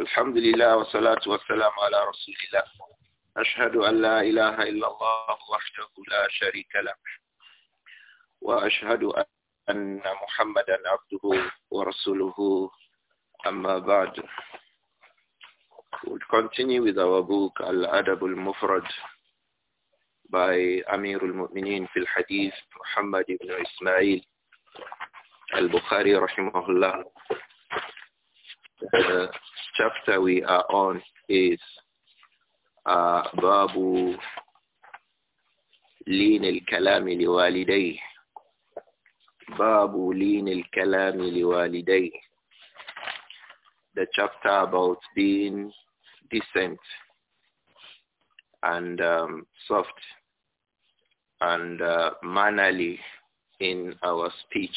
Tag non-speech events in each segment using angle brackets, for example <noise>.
الحمد لله والصلاة والسلام على رسول الله أشهد أن لا إله إلا الله وحده لا شريك له وأشهد أن محمدا عبده ورسوله أما بعد We'll continue with our book Al-Adab al-Mufrad by Amir al-Mu'minin في الحديث محمد بن إسماعيل البخاري رحمه الله Uh, chapter we are on is uh, Babu Lin al-Kalam liwalidayh. Babu Lin al-Kalam liwalidayh. The chapter about being decent and um, soft and uh, mannerly in our speech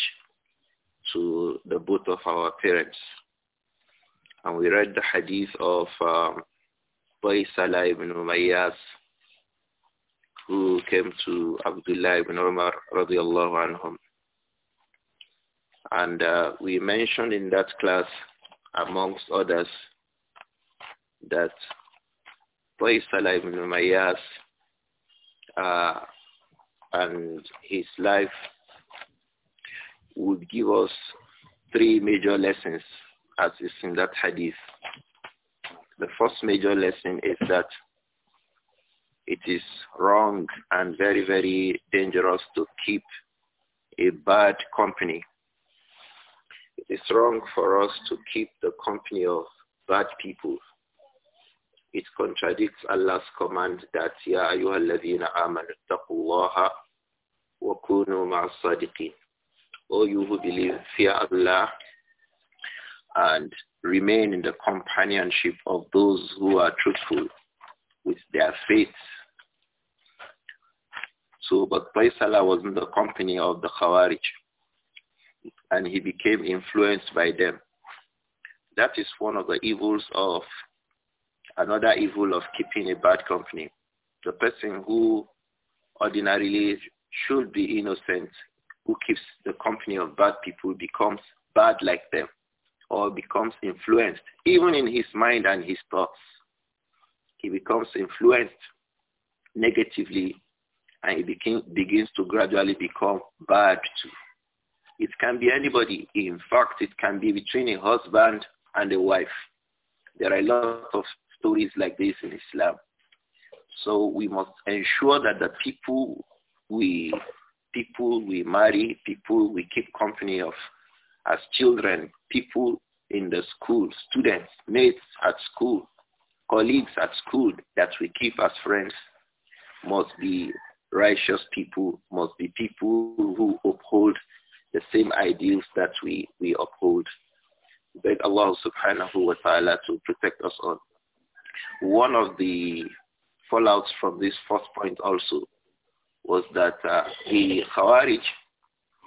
to the both of our parents. And we read the hadith of um, Baisala ibn Umayyas who came to Abdullah ibn Umar radiallahu anhum. And uh, we mentioned in that class, amongst others, that Baisala ibn Umayyas uh, and his life would give us three major lessons as is in that hadith. The first major lesson is that it is wrong and very, very dangerous to keep a bad company. It is wrong for us to keep the company of bad people. It contradicts Allah's command that Ya ayyuha alladhina amanu taqullaha wa kunu ma'as-sadiqin. O you who believe, fear Allah and remain in the companionship of those who are truthful with their faith. So, but Faisala was in the company of the Khawarij and he became influenced by them. That is one of the evils of, another evil of keeping a bad company. The person who ordinarily should be innocent, who keeps the company of bad people becomes bad like them or becomes influenced, even in his mind and his thoughts. He becomes influenced negatively and he begins to gradually become bad too. It can be anybody. In fact, it can be between a husband and a wife. There are a lot of stories like this in Islam. So we must ensure that the people we people we marry, people we keep company of, as children, people in the school, students, mates at school, colleagues at school that we keep as friends must be righteous people, must be people who uphold the same ideals that we, we uphold. Beg Allah subhanahu wa ta'ala to protect us all. One of the fallouts from this first point also was that uh, the Khawarij,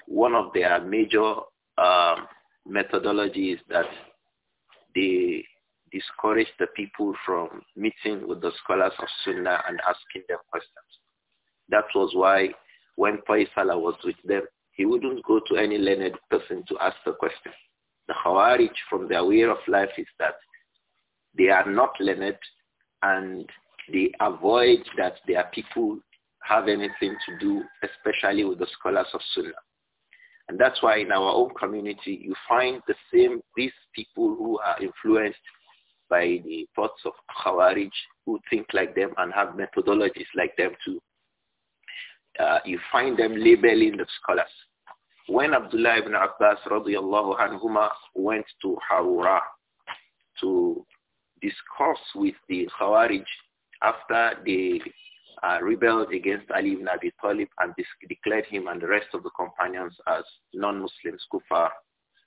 one of their major um, methodology is that they discourage the people from meeting with the scholars of Sunnah and asking them questions. That was why when Faisala was with them, he wouldn't go to any learned person to ask the question. The Khawarij from their way of life is that they are not learned and they avoid that their people have anything to do, especially with the scholars of Sunnah. And that's why in our own community, you find the same, these people who are influenced by the thoughts of Khawarij, who think like them and have methodologies like them too. Uh, you find them labeling the scholars. When Abdullah ibn Abbas radiallahu went to Harura to discuss with the Khawarij after they uh, rebelled against Ali ibn Abi Talib and declared him and the rest of the companions as non-Muslims, kuffar.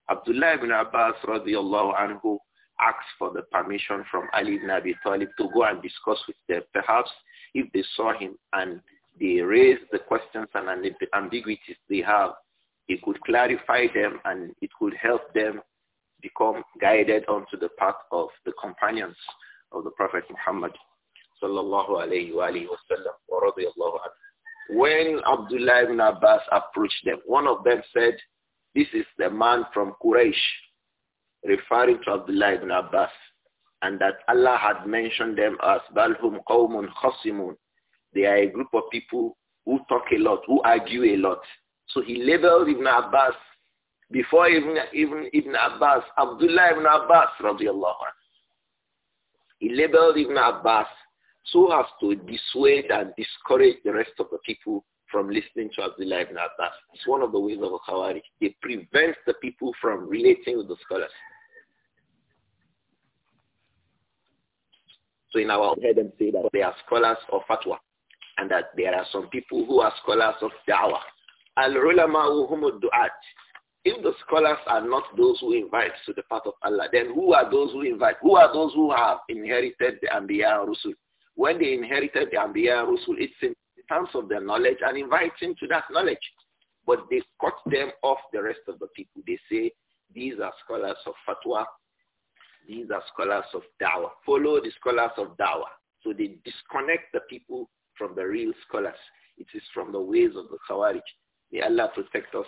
Abdullah ibn Abbas radiallahu anhu asked for the permission from Ali ibn Abi Talib to go and discuss with them. Perhaps if they saw him and they raised the questions and ambiguities they have, he could clarify them and it could help them become guided onto the path of the companions of the Prophet Muhammad sallallahu alayhi wa alayhi wa sallam wa radiyallahu anhu. When Abdullah ibn Abbas approached them, one of them said, this is the man from Quraysh, referring to Abdullah ibn Abbas, and that Allah had mentioned them as Balhum Qawmun Khasimun. They are a group of people who talk a lot, who argue a lot. So he labeled Ibn Abbas before even Ibn, Ibn Abbas, Abdullah Ibn Abbas, radiallahu anhu. He labeled Ibn Abbas so as to dissuade and discourage the rest of the people from listening to Abdullah Live Abbas. It's one of the ways of the They prevent the people from relating with the scholars. So in our head and say that they are scholars of fatwa and that there are some people who are scholars of da'wah. al rulamau humu du'at. If the scholars are not those who invite to the path of Allah, then who are those who invite? Who are those who have inherited the Anbiya and Rusul? When they inherited the Ambiya Rusul, it's in terms of their knowledge and inviting to that knowledge. But they cut them off the rest of the people. They say, these are scholars of fatwa. These are scholars of dawah. Follow the scholars of dawah. So they disconnect the people from the real scholars. It is from the ways of the Khawarij. May Allah protect us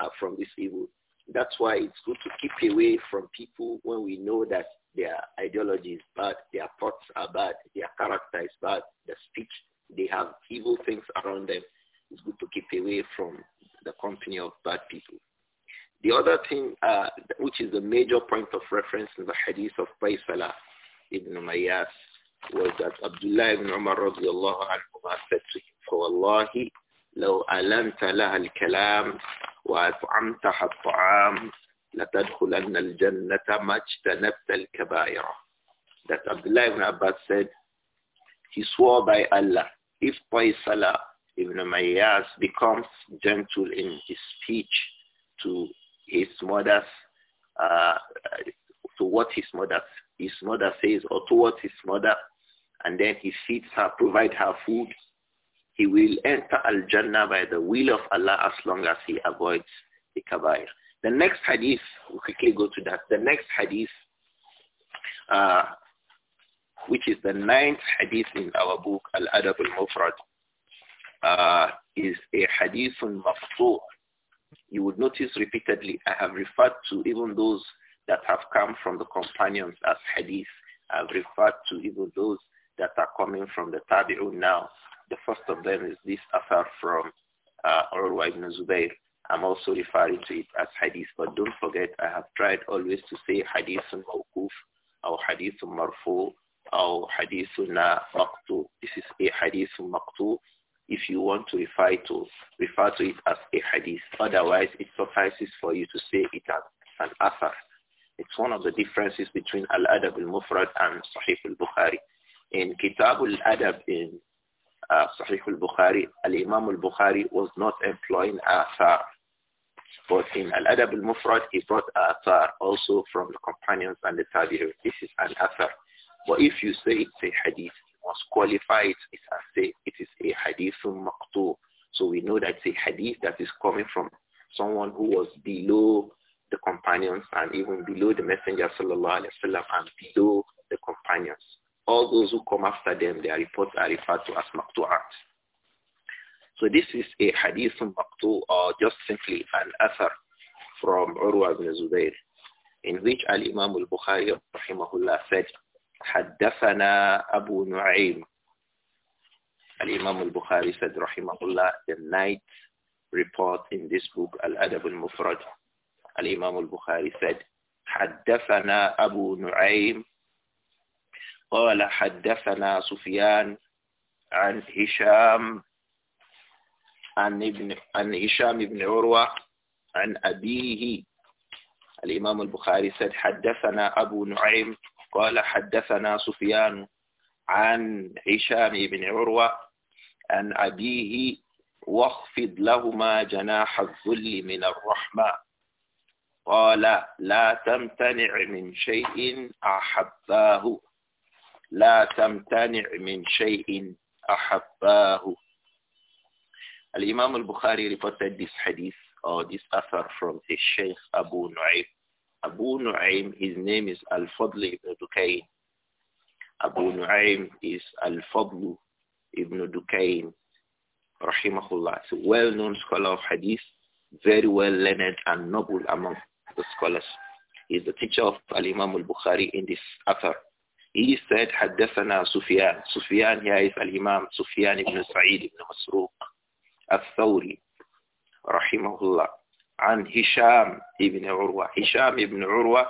uh, from this evil. That's why it's good to keep away from people when we know that their ideology is bad. Their thoughts are bad. Their character is bad. Their speech, they have evil things around them. It's good to keep away from the company of bad people. The other thing, uh, which is a major point of reference in the hadith of Faisala ibn Māyas, was that Abdullah ibn Umar radiallahu anhu said to him, "For فَوَاللَّهِ لَوْ أَلَمْتَ لَهَا الْكَلَامِ وَأَطْعَمْتَهَا الطَّعَامِ لَتَدْخُلَنَّ الْجَنَّةَ الْكَبَائِرَ That Abdullah ibn Abbas said, he swore by Allah, if Qaisala ibn Mayyaz becomes gentle in his speech to his mother's, uh, to what his mother, his mother says or towards his mother, and then he feeds her, provide her food, he will enter Al-Jannah by the will of Allah as long as he avoids the Kabair. The next hadith, we will quickly go to that. The next hadith, uh, which is the ninth hadith in our book, Al-Adab al-Mufrad, uh, is a hadith maftur. You would notice repeatedly, I have referred to even those that have come from the companions as hadith. I've referred to even those that are coming from the tabi'un now. The first of them is this affair from uh, Urwa ibn Zubayr I'm also referring to it as hadith. But don't forget, I have tried always to say hadith mawkuf or hadith marfu or hadith maqtu. This is a hadith maqtu if you want to refer to refer to it as a hadith. Otherwise, it suffices for you to say it as an asar. It's one of the differences between Al-Adab al-Mufrad and Sahih al-Bukhari. In Kitab al-Adab in uh, Sahih al-Bukhari, Al-Imam al-Bukhari was not employing asar. But in Al-Adab al-Mufrad, he brought Athar also from the companions and the Tabi'un. This is an Athar. But if you say it's a hadith, you must qualify it as say it is a hadith from maqtu. So we know that it's a hadith that is coming from someone who was below the companions and even below the Messenger sallallahu alaihi wasallam and below the companions. All those who come after them, their reports are referred to as maqtu'at. So this is a hadith maqtu or just simply an athar from Urwa ibn Zubayr in which Al-Imam al-Bukhari rahimahullah said, حدثنا أبو نعيم Al-Imam al-Bukhari said rahimahullah the night report in this book Al-Adab al-Mufrad Al-Imam al-Bukhari said حدثنا أبو نعيم قال حدثنا سفيان عن هشام عن ابن عن هشام بن عروة عن أبيه الإمام البخاري said حدثنا أبو نعيم قال حدثنا سفيان عن هشام بن عروة عن أبيه واخفض لهما جناح الذل من الرحمة قال لا تمتنع من شيء أحباه لا تمتنع من شيء أحباه Al-Imam al-Bukhari reported this hadith or this affair from his Sheikh Abu Nu'aym. Abu Nu'aym, his name is Al-Fadl ibn Dukayn. Abu Nu'aym is Al-Fadl ibn Dukayn, rahimahullah. It's a well-known scholar of hadith, very well learned and noble among the scholars. He's the teacher of Al-Imam al-Bukhari in this affair. He said, حدثنا سفيان. سفيان here is Al-Imam Sufyan ibn Sa'id ibn Masruq. الثوري رحمه الله and هشام ibn عروة. هشام ibn عروة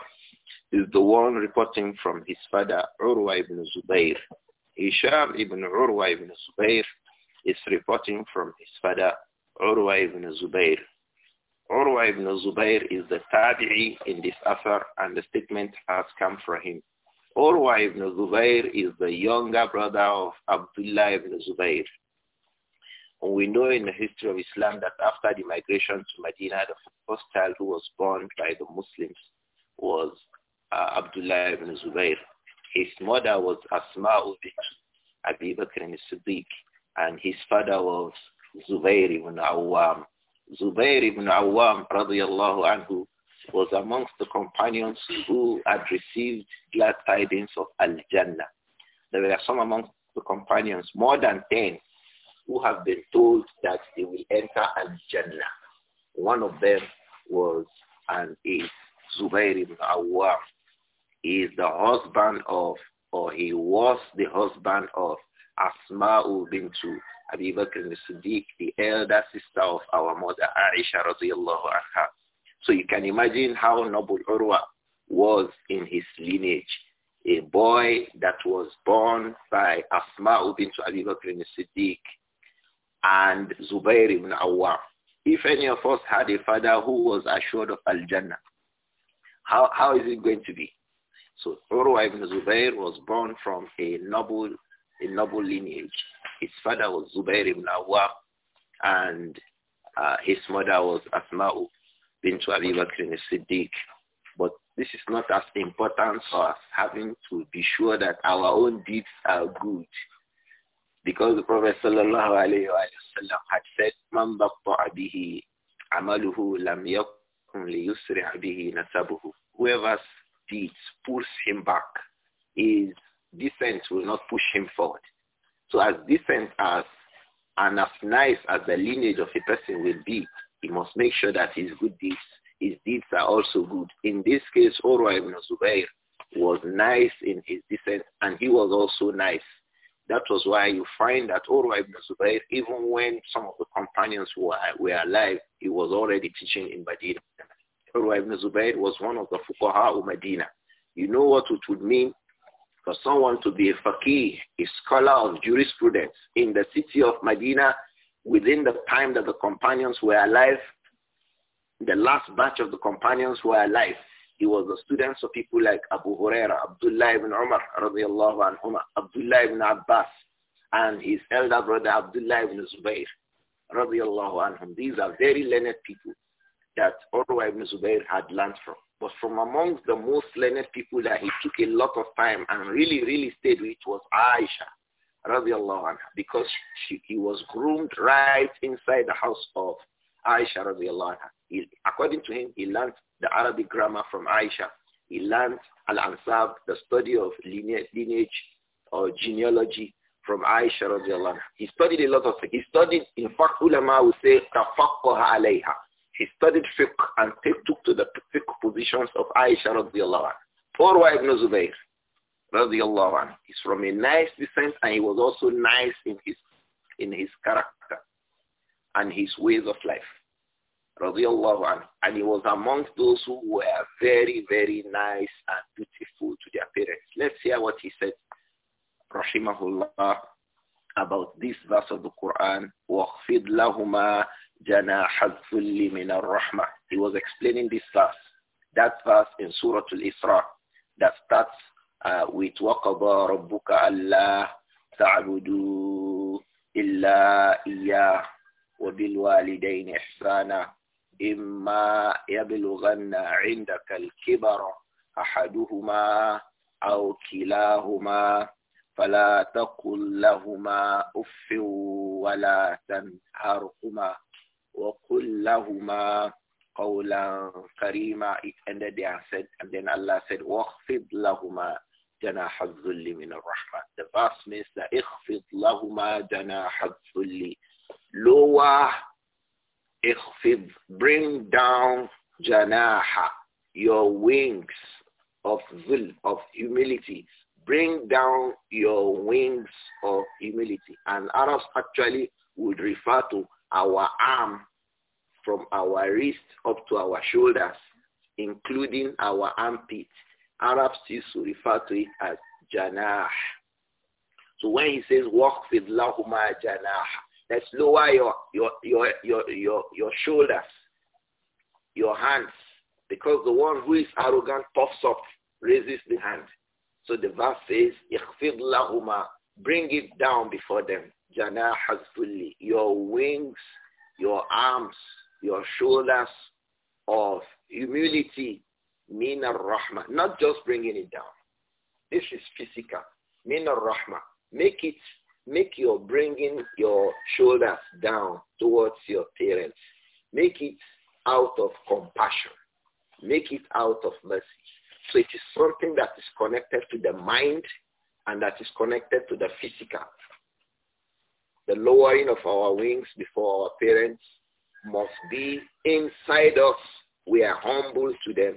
is the one reporting from his father, عروة ibn Zubayr. هشام ibn عروة ibn Zubayr is reporting from his father, عروة ibn Zubayr. عروة ibn Zubayr is the tabi'i in this affair and the statement has come from him. عروة ibn Zubayr is the younger brother of Abdullah ibn Zubayr. We know in the history of Islam that after the migration to Medina, the first child who was born by the Muslims was uh, Abdullah ibn Zubayr. His mother was Asma bint Abi Bakr ibn Siddiq, and his father was Zubayr ibn Awam. Zubayr ibn Awam, radiallahu anhu, was amongst the companions who had received glad tidings of Al-Jannah. There were some amongst the companions, more than 10, who have been told that they will enter Al-Jannah. One of them was and is Zubair ibn Awwam. He is the husband of, or he was the husband of Asma'u bintu Abi Bakr al-Siddiq, the elder sister of our mother Aisha radiyallahu anha. So you can imagine how noble Urwa was in his lineage. A boy that was born by Asma'u bintu Abi Bakr al-Siddiq and Zubair ibn Awwam. If any of us had a father who was assured of Al-Jannah, how, how is it going to be? So Urwa ibn Zubair was born from a noble, a noble lineage. His father was Zubair ibn Awwam and uh, his mother was Asma'u bint Abi Bakr siddiq But this is not as important as having to be sure that our own deeds are good because the Prophet sallallahu alayhi wa sallam had said, Man bihi amaluhu lam yakun bihi nasabuhu. Whoever's deeds pulls him back, his descent will not push him forward. So as decent as and as nice as the lineage of a person will be, he must make sure that his good deeds, his deeds are also good. In this case, Urwa ibn Zubayr was nice in his descent and he was also nice that was why you find that Urwa ibn Zubayr, even when some of the companions were, were alive, he was already teaching in Medina. Urwa ibn Zubayr was one of the fuqaha of Medina. You know what it would mean for someone to be a faqih, a scholar of jurisprudence in the city of Medina within the time that the companions were alive, the last batch of the companions were alive. He was a student of people like Abu Huraira, Abdullah ibn Umar, radiallahu anhuma, Abdullah ibn Abbas, and his elder brother Abdullah ibn Zubair, radiallahu anhum. These are very learned people that Urwa ibn Zubair had learned from. But from amongst the most learned people that he took a lot of time and really, really stayed with was Aisha, radiallahu anha, because she, he was groomed right inside the house of Aisha radiallahu according to him, he learned the Arabic grammar from Aisha. He learned al-ansab, the study of lineage or genealogy from Aisha radiallahu anha. He studied a lot of things. He studied, in fact, ulama would say, tafaqqa alayha. He studied fiqh and took to the fiqh positions of Aisha radiallahu anha. Poor wife Zubayr radiallahu anha. He's from a nice descent and he was also nice in his in his character and his ways of life. Anhu. And he was amongst those who were very, very nice and dutiful to their parents. Let's hear what he said, rahimahullah, about this verse of the Quran. وَخْفِضْ لَهُمَا جَنَاحَ الذُّلِّ مِنَ الرَّحْمَةِ He was explaining this verse. That verse in Surah Al-Isra that starts uh, with وَقَضَى رَبُّكَ أَلَّا تَعْبُدُوا إِلَّا إِيَّاهُ وبالوالدين إحسانا إما يبلغن عندك الكبر أحدهما أو كلاهما فلا تقل لهما أف ولا تنهرهما وقل لهما قولا كريما it ended said and then Allah said واخفض لهما جناح الذل من الرحمة the verse means that اخفض لهما جناح الذل lower اخفض bring down janaha your wings of of humility bring down your wings of humility and Arabs actually would refer to our arm from our wrist up to our shoulders including our armpit Arabs used to refer to it as janah so when he says walk with lahuma janah Let's lower your, your, your, your, your, your shoulders, your hands, because the one who is arrogant puffs up, raises the hand. So the verse says, اخفض لهما, bring it down before them. جناح الذل, your wings, your arms, your shoulders of humility, min rahma not just bringing it down. This is physical. Min rahma make it Make your bringing your shoulders down towards your parents. Make it out of compassion. Make it out of mercy. So it is something that is connected to the mind and that is connected to the physical. The lowering of our wings before our parents must be inside us. We are humble to them.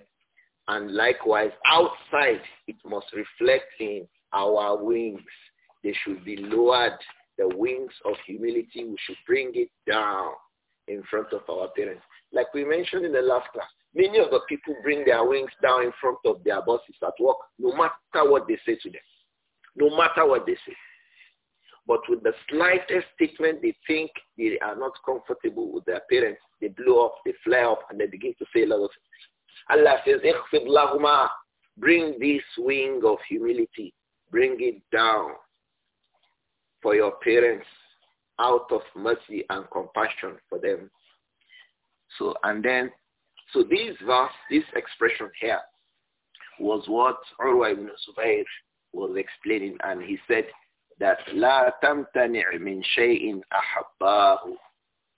And likewise, outside, it must reflect in our wings they should be lowered. The wings of humility, we should bring it down in front of our parents. Like we mentioned in the last class, many of the people bring their wings down in front of their bosses at work, no matter what they say to them, no matter what they say. But with the slightest statement, they think they are not comfortable with their parents. They blow up, they fly up, and they begin to say a lot of things. Allah says, Ikhfid bring this wing of humility, bring it down for your parents out of mercy and compassion for them. So, and then, so this verse, this expression here was what Urwa ibn Zubair was explaining and he said that لا تمتنع من شيء أحباه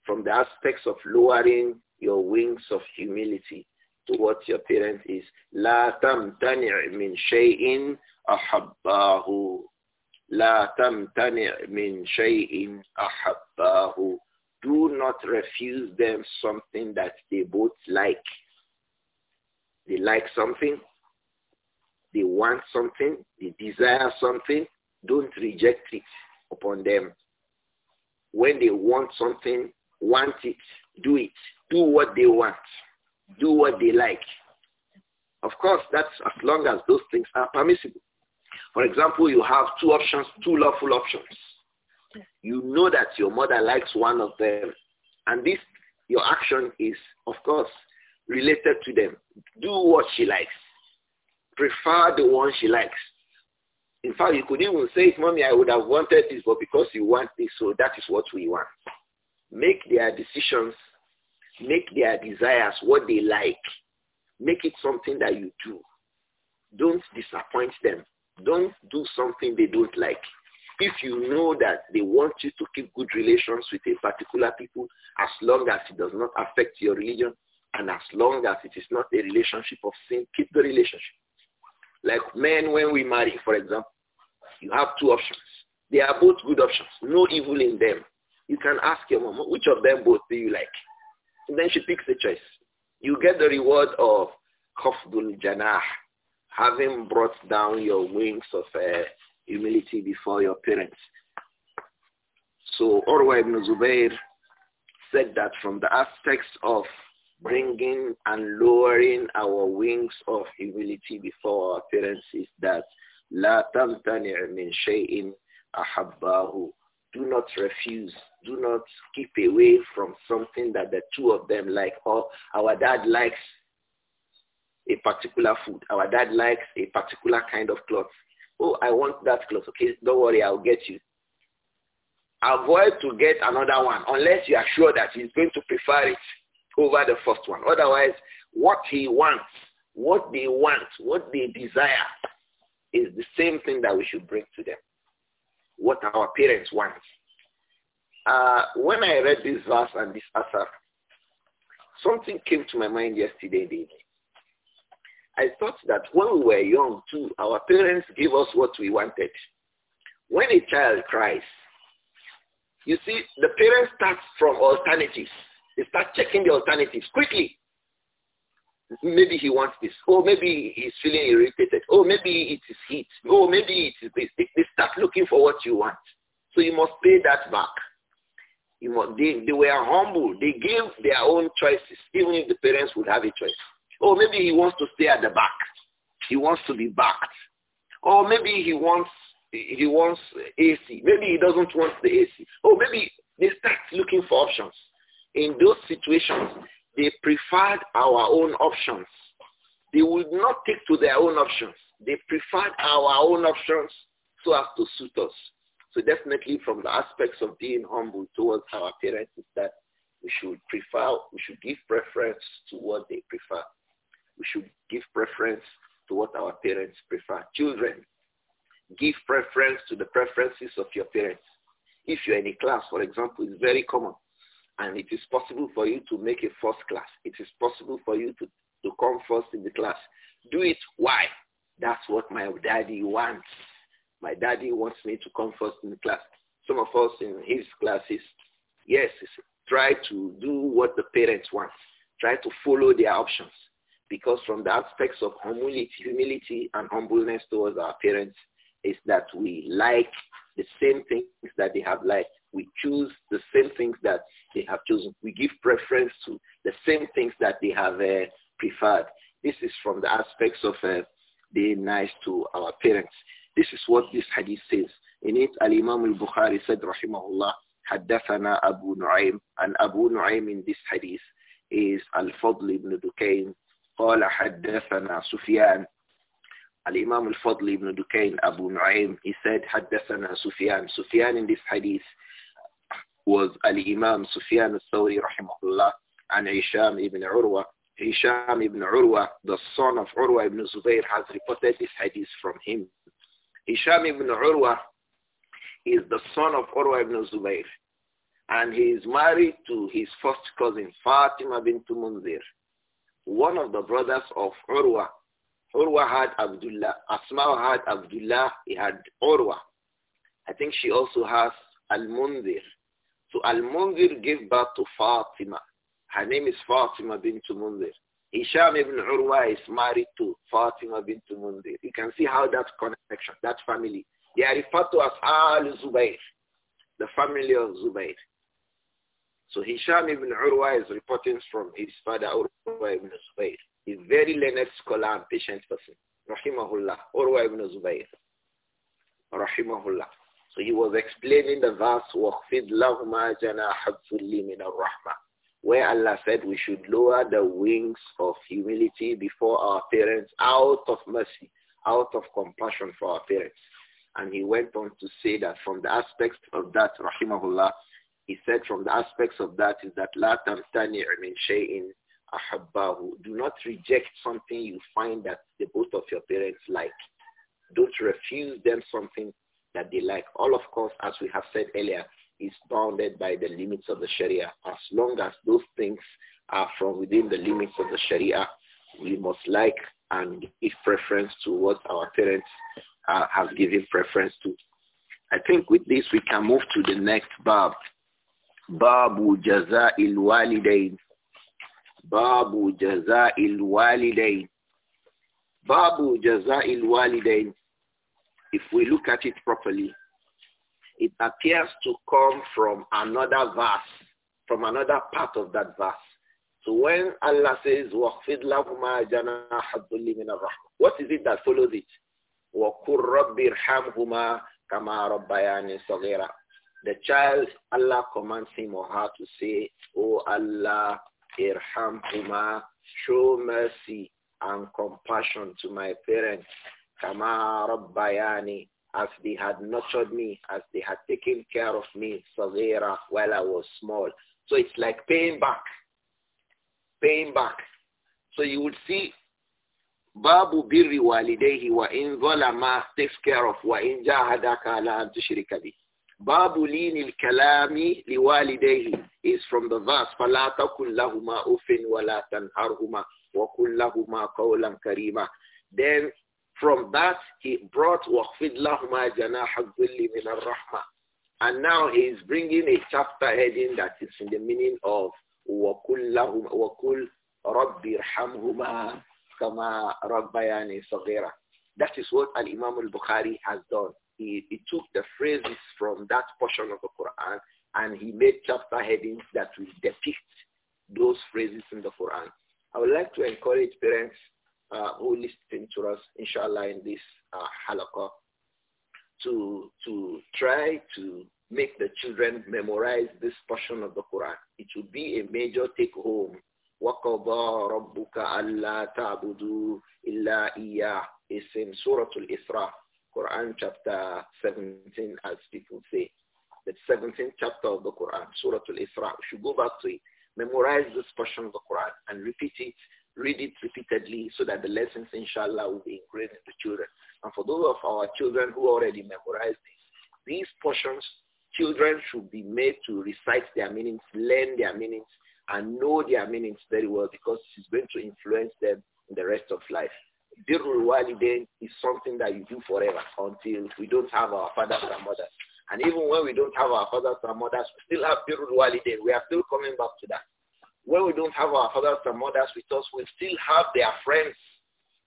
from the aspects of lowering your wings of humility to what your parents is لا تمتنع من شيء أحباه لا تمتنع من شيء أحباه Do not refuse them something that they both like. They like something. They want something. They desire something. Don't reject it upon them. When they want something, want it. Do it. Do what they want. Do what they like. Of course, that's as long as those things are permissible. For example, you have two options, two lawful options. You know that your mother likes one of them. And this, your action is, of course, related to them. Do what she likes. Prefer the one she likes. In fact, you could even say, Mommy, I would have wanted this, but because you want this, so that is what we want. Make their decisions, make their desires what they like. Make it something that you do. Don't disappoint them. Don't do something they don't like. If you know that they want you to keep good relations with a particular people, as long as it does not affect your religion, and as long as it is not a relationship of sin, keep the relationship. Like men when we marry, for example, you have two options. They are both good options. No evil in them. You can ask your mom, which of them both do you like? And then she picks the choice. You get the reward of khafdul janah, having brought down your wings of uh, humility before your parents. So Orwa ibn Zubair said that from the aspects of bringing and lowering our wings of humility before our parents is that La Tamtani من shay'in أحباه do not refuse, do not keep away from something that the two of them like. Or oh, our dad likes a particular food. Our dad likes a particular kind of cloth. Oh, I want that cloth. Okay, don't worry, I'll get you. Avoid to get another one unless you are sure that he's going to prefer it over the first one. Otherwise, what he wants, what they want, what they desire is the same thing that we should bring to them. What our parents want. Uh, when I read this verse and this asar, something came to my mind yesterday David. I thought that when we were young too, our parents gave us what we wanted. When a child cries, you see, the parents start from alternatives. They start checking the alternatives quickly. Maybe he wants this. Oh, maybe he's feeling irritated. Oh, maybe it is heat. Oh, maybe it is this. They, they start looking for what you want. So you must pay that back. You must, they, they were humble. They gave their own choices, even if the parents would have a choice. Oh, maybe he wants to stay at the back. He wants to be backed. Or oh, maybe he wants he wants AC. Maybe he doesn't want the AC. Oh, maybe they start looking for options. In those situations, they preferred our own options. They would not take to their own options. They preferred our own options so as to suit us. So definitely from the aspects of being humble towards our parents is that we should prefer, we should give preference to what they prefer. We should give preference to what our parents prefer. Children, give preference to the preferences of your parents. If you're in a class, for example, it's very common, and it is possible for you to make a first class. It is possible for you to, to come first in the class. Do it. Why? That's what my daddy wants. My daddy wants me to come first in the class. Some of us in his classes, yes, try to do what the parents want. Try to follow their options. Because from the aspects of humility, humility and humbleness towards our parents is that we like the same things that they have liked. We choose the same things that they have chosen. We give preference to the same things that they have uh, preferred. This is from the aspects of uh, being nice to our parents. This is what this hadith says. In it, Al-Imam al-Bukhari said, Rahimahullah, حدثنا Abu نعيم and Abu نعيم in this hadith is Al-Fadl ibn Dukayn قال حدثنا سفيان الإمام الفضل بن دكين أبو نعيم he said حدثنا سفيان سفيان in this hadith was الإمام سفيان الثوري رحمه الله عن هشام ibn عروة Hisham بن عروة, the son of عروة ibn Zubayr, has reported this hadith from him. Hisham ibn عروة, is the son of عروة ibn Zubayr, and he is married to his first cousin, Fatima bint Munzir one of the brothers of Urwa. Urwa had Abdullah. Asma had Abdullah. He had Urwa. I think she also has Al-Mundir. So Al-Mundir gave birth to Fatima. Her name is Fatima bint Mundir. Hisham ibn Urwa is married to Fatima bint Mundir. You can see how that connection, that family. They are referred to as Al-Zubayr, the family of Zubayr. So Hisham ibn Urwa is reporting from his father Urwa ibn Zubayr, a very learned scholar and patient person. Rahimahullah, Urwa ibn Zubayr. Rahimahullah. So he was explaining the verse, وَخْفِدْ لَهُمَا جَنَاحَ الذُّلِّ مِنَ الرَّحْمَةِ where Allah said we should lower the wings of humility before our parents out of mercy, out of compassion for our parents. And he went on to say that from the aspects of that, rahimahullah, he said from the aspects of that is that لا تمتنع من in أحباه. Do not reject something you find that the both of your parents like. Don't refuse them something that they like. All of course, as we have said earlier, is bounded by the limits of the Sharia. As long as those things are from within the limits of the Sharia, we must like and give preference to what our parents uh, have given preference to. I think with this we can move to the next bab. Babu Jaza'il Walidain. Babu Jaza'il Walidain. Babu Jaza'il Walidain. If we look at it properly, it appears to come from another verse, from another part of that verse. So when Allah says, wa لَهُمَا جَنَاحَ الذُّلِّ مِنَ الرَّحْمَةِ What is it that follows it? وَقُلْ رَبِّ ارْحَمْهُمَا kama رَبَّيَانِ صَغِيرًا the child, Allah commands him or her to say, Oh Allah, irham huma, show mercy and compassion to my parents. Kama rabbayani, as they had nurtured me, as they had taken care of me, sagira, while I was small. So it's like paying back. Paying back. So you would see Babu birri walidehi wa in takes care of wa in jahadaka ala an Babu linil kalami liwalidayhi is from the verse فَلَا تَكُنْ لَهُمَا أُفٍ وَلَا تَنْهَرْهُمَا وَكُنْ لَهُمَا كَرِيمًا Then from that he brought وَخْفِدْ لَهُمَا جَنَاحَ الظِّلِّ مِنَ الرَّحْمَةِ And now he is bringing a chapter heading that is in the meaning of وَكُلْ لَهُمَا وَكُلْ رَبِّ ارْحَمْهُمَا كَمَا رَبَّيَانِ صَغِيرًا That is what Al-Imam al-Bukhari has done he, he took the phrases from that portion of the Quran and he made chapter headings that will depict those phrases in the Quran. I would like to encourage parents uh, who listen to us, inshallah, in this uh, halakha, to, to try to make the children memorize this portion of the Quran. It will be a major take-home. وَقَضَى رَبُّكَ أَلَّا تَعْبُدُوا إِلَّا إِيَّاهُ is in Surah Al-Isra. Quran chapter 17, as people say. The 17th chapter of the Quran, Surah Al-Isra. We should go back to it. Memorize this portion of the Quran and repeat it. Read it repeatedly so that the lessons, inshallah, will be ingrained in the children. And for those of our children who already memorized this, these portions, children should be made to recite their meanings, learn their meanings, and know their meanings very well because it's going to influence them in the rest of life. Birrul Walidain is something that you do forever until we don't have our fathers and mothers. And even when we don't have our fathers and mothers, we still have Birrul Walidain. We are still coming back to that. When we don't have our fathers and mothers with us, we still have their friends.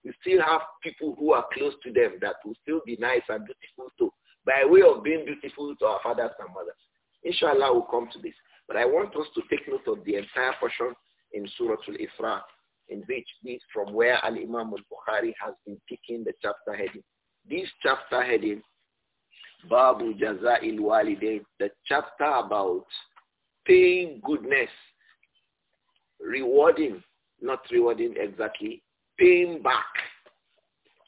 We still have people who are close to them that will still be nice and beautiful too, by way of being beautiful to our fathers and mothers. Inshallah, we'll come to this. But I want us to take note of the entire portion in Surah Al-Isra in which this from where Al-Imam al-Bukhari has been picking the chapter heading. This chapter heading, Babu Jaza'il Walidain, the chapter about paying goodness, rewarding, not rewarding exactly, paying back.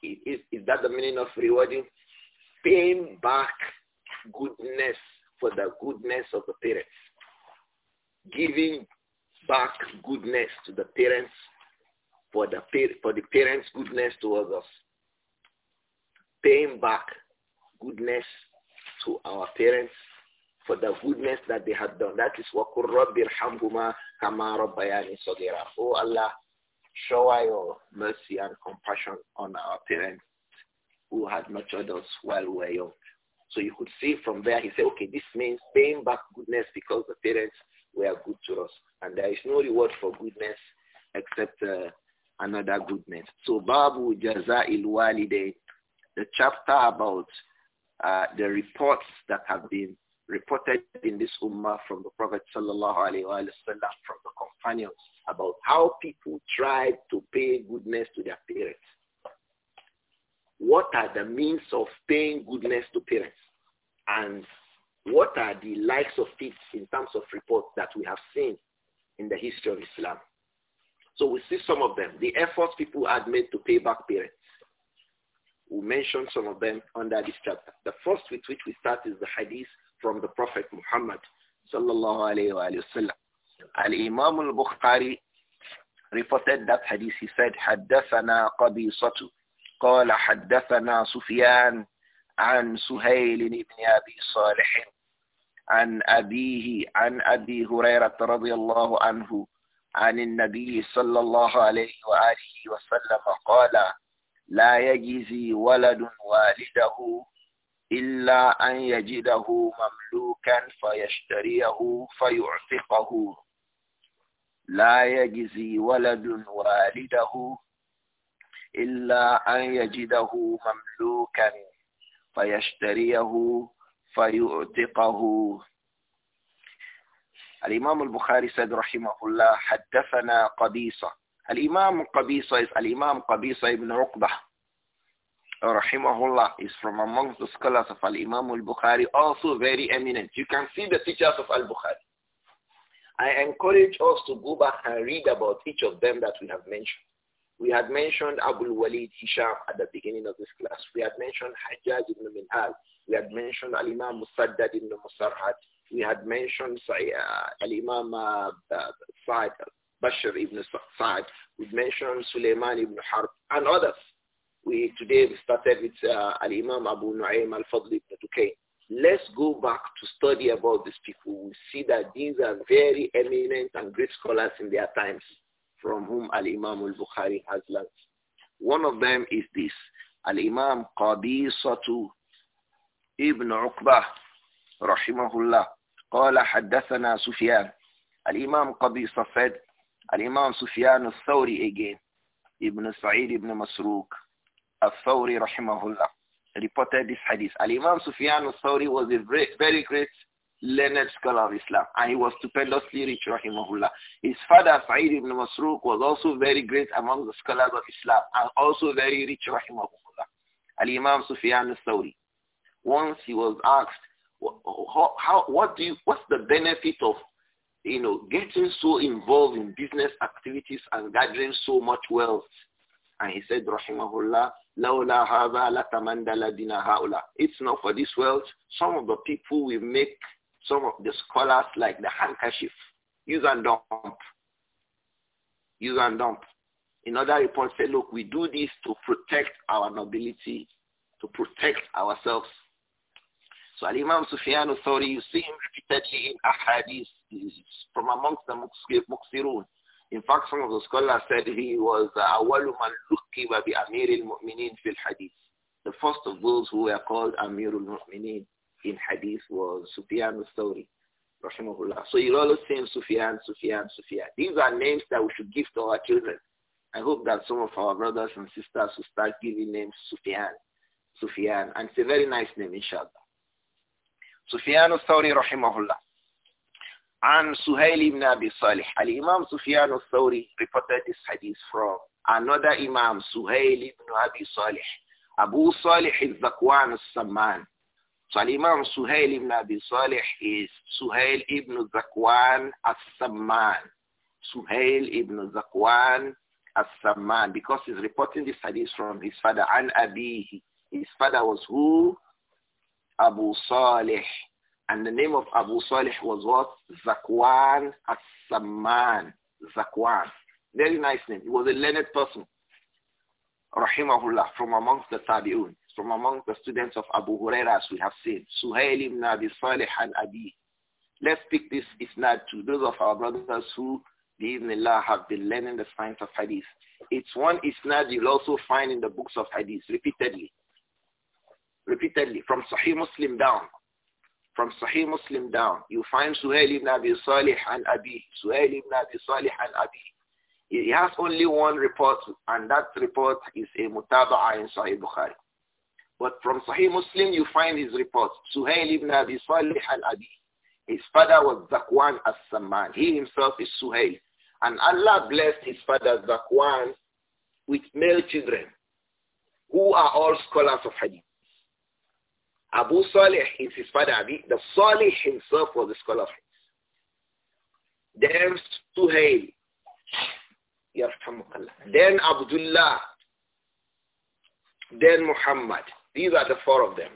Is, is that the meaning of rewarding? Paying back goodness for the goodness of the parents. Giving back goodness to the parents for the, for the parents' goodness towards us. Paying back goodness to our parents for the goodness that they have done. That is what Rabbir Hamhuma Kamara Bayani Sogera. Oh Allah, show your mercy and compassion on our parents who had nurtured us while we were young. So you could see from there, he said, okay, this means paying back goodness because the parents were good to us. And there is no reward for goodness except uh, another goodness. So Babu Jaza'il Walidain, the chapter about uh, the reports that have been reported in this ummah from the Prophet sallallahu alaihi wasallam from the companions about how people tried to pay goodness to their parents. What are the means of paying goodness to parents? And what are the likes of it in terms of reports that we have seen in the history of Islam? So we see some of them, the efforts people had made to pay back parents. We mention some of them under this chapter. The first with which we start is the hadith from the Prophet Muhammad sallallahu alayhi wa sallam. Al-Imam al-Bukhari reported that hadith. He said, حدثنا قبيصة قال حدثنا سفيان عن سهيل بن أبي صالح عن أبيه عن أبي هريرة رضي الله عنه عن النبي صلى الله عليه وآله وسلم قال لا يجزي ولد والده إلا أن يجده مملوكا فيشتريه فيعتقه لا يجزي ولد والده إلا أن يجده مملوكا فيشتريه فيعتقه الإمام البخاري said رحمه الله حدثنا قبيصة الإمام قبيصة is الإمام قبيصة ibn عقبة رحمه الله is from amongst the scholars of الإمام البخاري also very eminent you can see the teachers of البخاري I encourage us to go back and read about each of them that we have mentioned we had mentioned Abu Walid Hisham at the beginning of this class. We had mentioned Hajjaj ibn Minhal. We had mentioned Al-Imam Musaddad ibn Musarhad. we had mentioned uh, Al-Imam uh, uh, Sa'id, Bashir ibn Sa'id. We mentioned Suleiman ibn Harb and others. We Today we started with uh, Al-Imam Abu Nu'aym al-Fadl ibn okay, Let's go back to study about these people. We see that these are very eminent and great scholars in their times from whom Al-Imam al-Bukhari has learned. One of them is this, Al-Imam Qadisatu ibn Uqbah rahimahullah. قال حدثنا سفيان الإمام قبيصة said الإمام سفيان الثوري again ابن سعيد ابن مسروق الثوري رحمه الله reported this hadith. Al-Imam Sufyan was a very, great learned scholar of Islam and he was stupendously rich rahimahullah. His father Sa'id ibn Masruq was also very great among the scholars of Islam and also very rich rahimahullah. Al-Imam Sufyan al Once he was asked how, how, what do you, what's the benefit of, you know, getting so involved in business activities and gathering so much wealth? And he said, rahimahullah, laula hada latamandala dina haula. It's not for this wealth. Some of the people will make some of the scholars like the handkerchief. Use and dump. Use and dump. Another report said, look, we do this to protect our nobility, to protect ourselves so Imam Sufyan al-Thawri, you see him repeatedly in ahadith. from amongst the muqsirun. In fact, some of the scholars said he was أول من لقب بأمير Muminin fil Hadith. The first of those who were called Amir al-Mu'minin in hadith was Sufyan al-Thawri. So you're always saying Sufyan, Sufyan, Sufyan. These are names that we should give to our children. I hope that some of our brothers and sisters will start giving names Sufyan, Sufyan. And it's a very nice name, inshallah. Sufyan al-Thawri rahimahullah. And Suhail ibn Abi Salih. Al-Imam Sufyan al-Thawri reported this hadith from another Imam, Suhail ibn Abi Salih. Abu Salih is Zakwan al-Samman. So Imam Suhail ibn Abi Salih is Suhail ibn Zakwan al-Samman. Suhail ibn Zakwan al samman because he's reporting this hadith from his father, An Abihi. His father was who? Abu Salih. And the name of Abu Salih was what? Zakwan as Saman, Zakwan. Very nice name. He was a learned person. Rahimahullah, from amongst the Tabi'un, from amongst the students of Abu Huraira, as we have seen. Suhail ibn Abi Salih al-Abi. Let's pick this isnad to those of our brothers who, bi'idhnillah, have been learning the science of hadith. It's one isnad you'll also find in the books of hadith repeatedly repeatedly from Sahih Muslim down. From Sahih Muslim down, you find Suhail ibn Abi Salih and Abi. Suhail ibn Abi Salih and Abi. He has only one report, and that report is a mutaba'a in Sahih Bukhari. But from Sahih Muslim, you find his report. Suhail ibn Abi Salih and Abi. His father was Zakwan as-Samman. He himself is Suhail. And Allah blessed his father Zakwan with male children who are all scholars of hadith. Abu Salih is his father, Abi. The Salih himself was a scholar of Then Suhail, then Abdullah, then Muhammad. These are the four of them.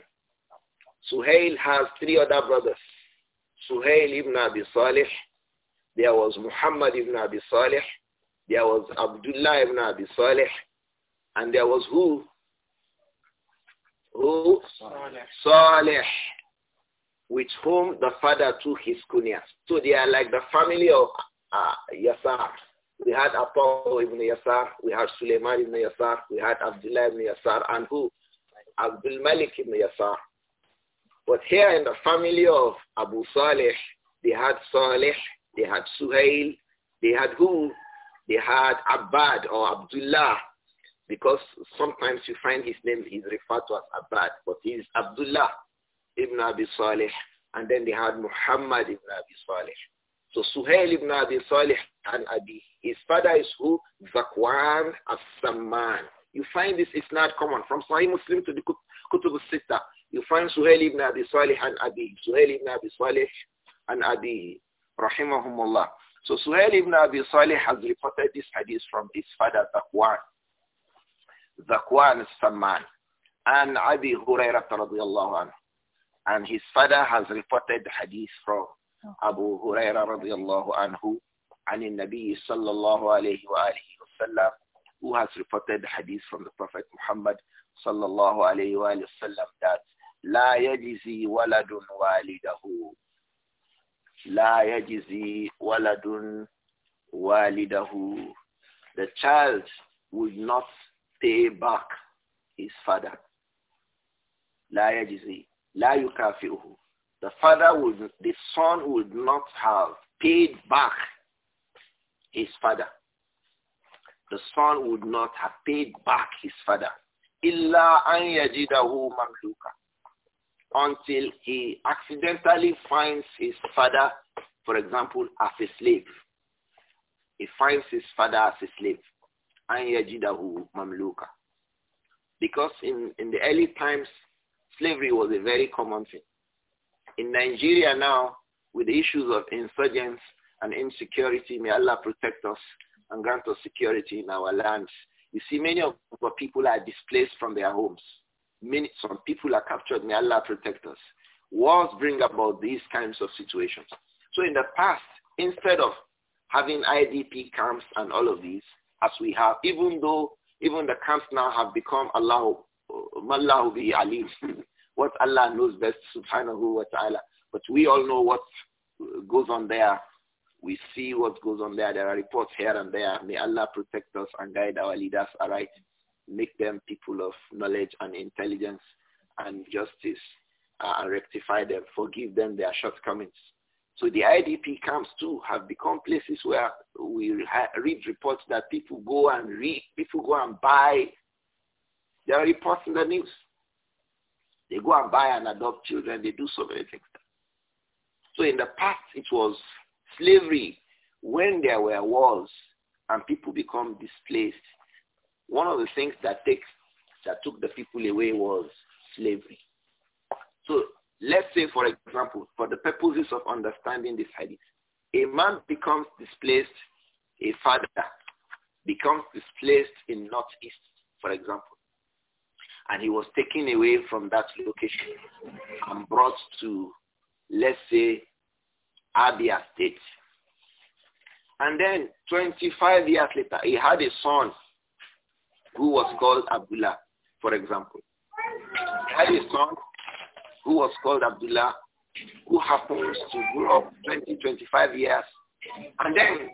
Suhail has three other brothers. Suhail ibn Abi Salih, there was Muhammad ibn Abi Salih, there was Abdullah ibn Abi Salih, and there was who? who? Saleh. With whom the father took his kunya. So they are like the family of uh, Yasar. We had Apollo ibn Yasar, we had Suleiman ibn Yasar, we had Abdullah ibn Yasar, and who? Abdul Malik ibn Yasar. But here in the family of Abu Saleh, they had Saleh, they had Suhail, they had who? They had Abad or Abdullah because sometimes you find his name is referred to as Abad, but he is Abdullah ibn Abi Saleh. And then they had Muhammad ibn Abi Saleh. So Suhail ibn Abi Saleh and Abi, his father is who? Zakwan as-Samman. You find this is not common. From Sahih Muslim to the Kutub al-Sittah, you find Suhail ibn Abi Saleh and Abi. Suhail ibn Abi Saleh and Abi. Rahimahumullah. So Suhail ibn Abi Saleh has reported this hadith from his father Zakwan. Zakwan al-Samman, and Abi Hurairah radiallahu anhu. And his father has reported hadith from oh. Abu Huraira radiallahu anhu, and in Nabi sallallahu alayhi wa alihi wasallam, who has reported hadith from the Prophet Muhammad sallallahu alayhi wa sallam that لا يجزي ولد والده لا يجزي ولد والده The child would not pay back his father. La yajizi, la yukafi'uhu. The father would, the son would not have paid back his father. The son would not have paid back his father. Illa an yajidahu mamluka. Until he accidentally finds his father, for example, as a slave. He finds his father as a slave. أن يجده Because in, in the early times, slavery was a very common thing. In Nigeria now, with the issues of insurgents and insecurity, may Allah protect us and grant us security in our lands. You see, many of our people are displaced from their homes. Many, some people are captured. May Allah protect us. Wars bring about these kinds of situations. So in the past, instead of having IDP camps and all of these, as we have, even though even the camps now have become Allah, Mallahu bi alim, <laughs> what Allah knows best, subhanahu wa ta'ala. But we all know what goes on there. We see what goes on there. There are reports here and there. May Allah protect us and guide our leaders aright. Make them people of knowledge and intelligence and justice uh, and rectify them. Forgive them their shortcomings. So the IDP camps too have become places where we read reports that people go and read, people go and buy. There are reports in the news. They go and buy and adopt children. They do so many things. So in the past, it was slavery when there were wars and people become displaced. One of the things that takes that took the people away was slavery. So Let's say, for example, for the purposes of understanding this hadith, a man becomes displaced, a father becomes displaced in northeast, for example, and he was taken away from that location and brought to, let's say, Abia State. And then 25 years later, he had a son who was called Abdullah, for example. He had a son who was called Abdullah, who happens to grow up 20, 25 years, and then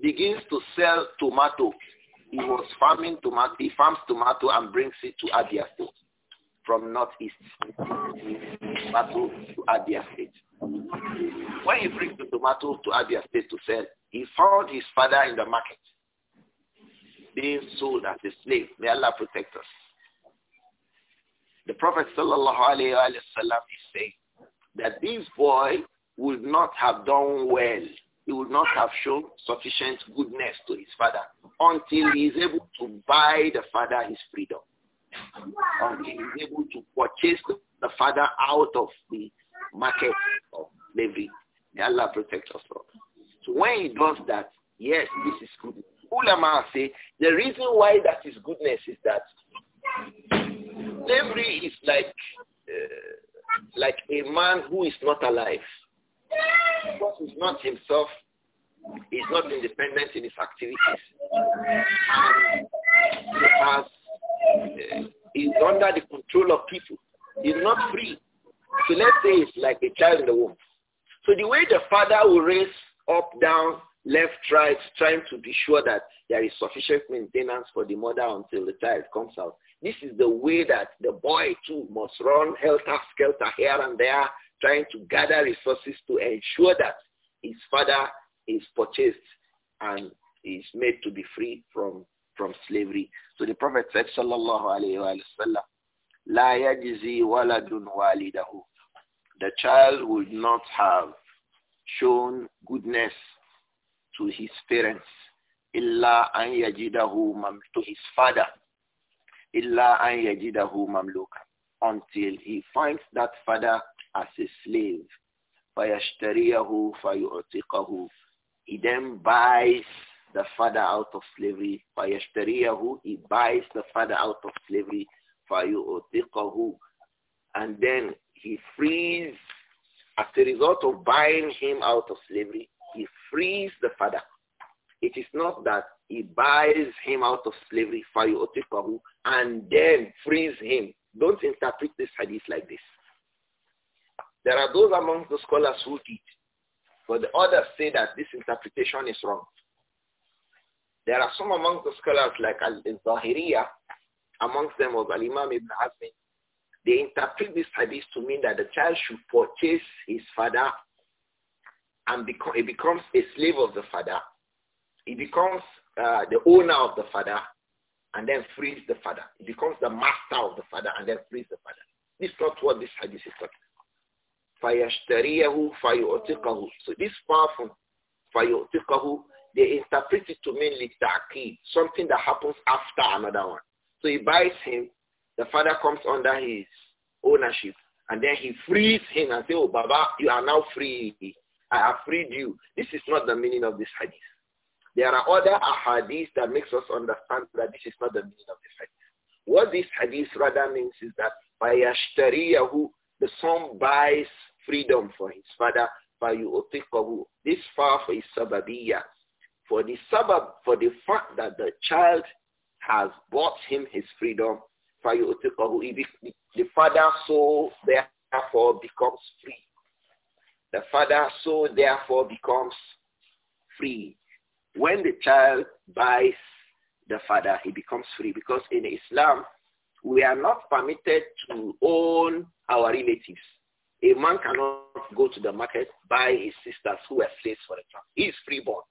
begins to sell tomato. He was farming tomato, he farms tomato and brings it to Adia State from northeast tomato to Adia State. When he brings the tomato to Adia State to sell, he found his father in the market being sold as a slave. May Allah protect us. The Prophet sallallahu is saying that this boy would not have done well. He would not have shown sufficient goodness to his father until he is able to buy the father his freedom. Until he is able to purchase the father out of the market of slavery. May Allah protect us from. So when he does that, yes, this is good. Ulama say the reason why that is goodness is that Slavery is like uh, like a man who is not alive. Because he's not himself, he's not independent in his activities. And he has, uh, he's under the control of people. He's not free. So let's say it's like a child in the womb. So the way the father will raise up, down, left, right, trying to be sure that there is sufficient maintenance for the mother until the child comes out. This is the way that the boy too must run helter-skelter here and there, trying to gather resources to ensure that his father is purchased and is made to be free from, from slavery. So the Prophet said, Sallallahu Alaihi Wasallam, La yajizi waladun walidahu. The child would not have shown goodness to his parents illa an yajidahu to his father illa an yajidahu mamluka until he finds that father as a slave. فَيَشْتَرِيَهُ فَيُعْتِقَهُ He then buys the father out of slavery. فَيَشْتَرِيَهُ He buys the father out of slavery. فَيُعْتِقَهُ And then he frees, as a result of buying him out of slavery, he frees the father. It is not that he buys him out of slavery, فَيُعْتِقَهُ and then frees him. Don't interpret this hadith like this. There are those among the scholars who teach, but the others say that this interpretation is wrong. There are some among the scholars like Al-Zahiriyah, amongst them was Al-Imam Ibn Hazm. They interpret this hadith to mean that the child should purchase his father and become, he becomes a slave of the father. He becomes uh, the owner of the father and then frees the father. He becomes the master of the father and then frees the father. This is not what this hadith is talking about. So this your فَيُعْتِقَهُ, they interpret it to mean لِتَعْقِيد, something that happens after another one. So he buys him, the father comes under his ownership, and then he frees him and says, oh, Baba, you are now free. I have freed you. This is not the meaning of this hadith. There are other ahadith that makes us understand that this is not the meaning of the hadith. What this hadith rather means is that by who The son buys freedom for his father فَيُؤْتِقَهُ This far for his sababiyah, For the sabab, for the fact that the child has bought him his freedom فَيُؤْتِقَهُ The father so therefore becomes free. The father so therefore becomes free. When the child buys the father, he becomes free because in Islam, we are not permitted to own our relatives. A man cannot go to the market, buy his sisters who were slaves, for example. He is freeborn.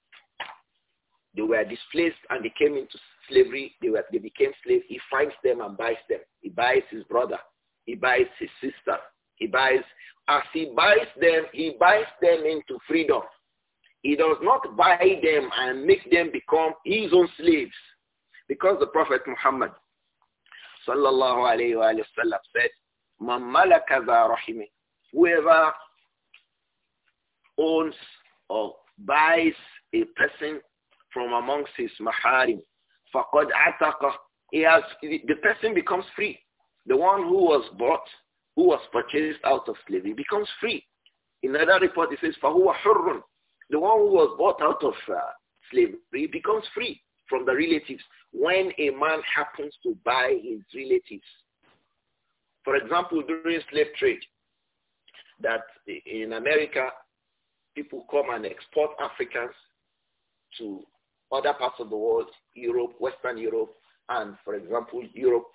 They were displaced and they came into slavery. They, were, they became slaves. He finds them and buys them. He buys his brother. He buys his sister. He buys, as he buys them, he buys them into freedom. He does not buy them and make them become his own slaves. Because the Prophet Muhammad sallallahu alayhi wa sallam said, Man malaka Whoever owns or buys a person from amongst his maharim, faqad ataqa. He has, the person becomes free. The one who was bought, who was purchased out of slavery, becomes free. In another report, it says, فَهُوَ حُرٌ the one who was bought out of uh, slavery becomes free from the relatives when a man happens to buy his relatives. For example, during slave trade, that in America, people come and export Africans to other parts of the world, Europe, Western Europe, and for example, Europe.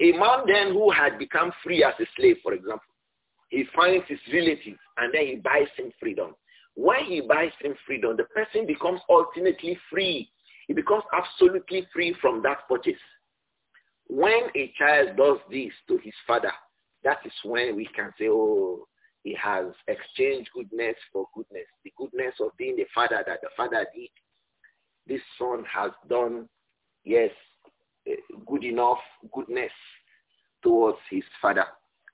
A man then who had become free as a slave, for example, he finds his relative and then he buys him freedom. When he buys him freedom, the person becomes ultimately free. He becomes absolutely free from that purchase. When a child does this to his father, that is when we can say, oh, he has exchanged goodness for goodness. The goodness of being the father that the father did, this son has done, yes, eh, good enough goodness towards his father.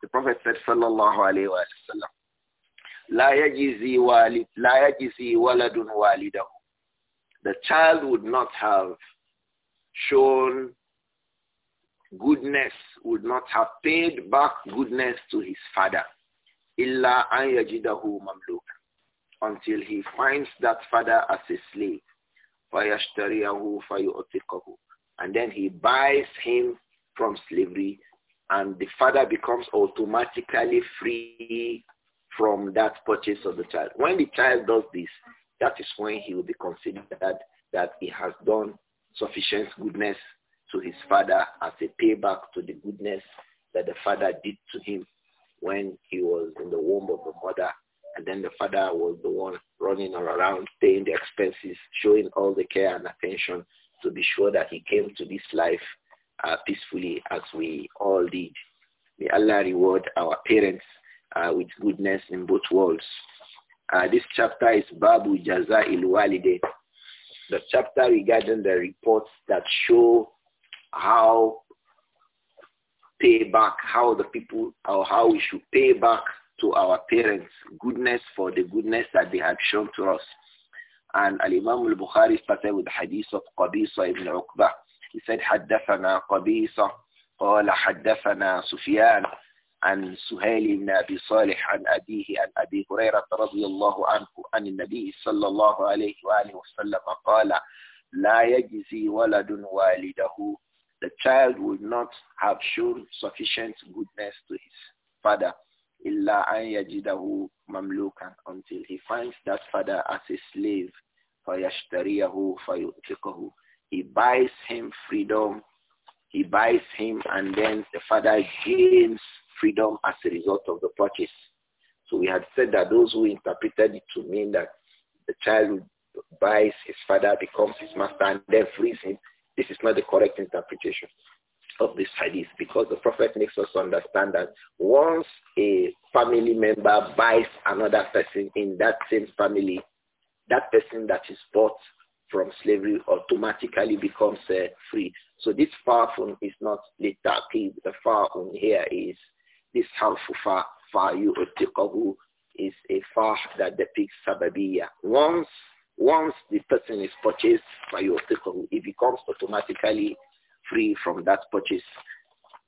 The Prophet said, sallallahu alayhi wa sallam, La yajizi waladun walidahu. The child would not have shown goodness, would not have paid back goodness to his father. Illa an yajidahu mamluk. Until he finds that father as a slave. Fayashtariyahu fayu'tikahu. And then he buys him from slavery and the father becomes automatically free from that purchase of the child. When the child does this, that is when he will be considered that, that he has done sufficient goodness to his father as a payback to the goodness that the father did to him when he was in the womb of the mother. And then the father was the one running around, paying the expenses, showing all the care and attention to be sure that he came to this life uh, peacefully as we all did. May Allah reward our parents uh, with goodness in both worlds. Uh, this chapter is Babu Jaza Ilwalide, the chapter regarding the reports that show how pay back, how the people, or how we should pay back to our parents goodness for the goodness that they have shown to us. And Al-Imam al-Bukhari started with the hadith of Qabisa ibn Uqba. He said, حدثنا قبيصة قال حدثنا سفيان عن سهيل بن أبي صالح عن أبيه عن أبي هريرة رضي الله عنه عن النبي صلى الله عليه وآله وسلم قال لا يجزي ولد والده The child would not have shown sufficient goodness to his father إلا أن يجده مملوكا until he finds that father as a slave فيشتريه فيطلقه He buys him freedom, he buys him and then the father gains freedom as a result of the purchase. So we had said that those who interpreted it to mean that the child buys his father, becomes his master, and then frees him, this is not the correct interpretation of this hadith because the Prophet makes us understand that once a family member buys another person in that same family, that person that is bought from slavery automatically becomes uh, free. So this from is not litaqib. The fa'un here is this harfu fa, fa yu'tiqahu is a fa that depicts sababiyya. Once, once the person is purchased by yu'tiqahu, he becomes automatically free from that purchase.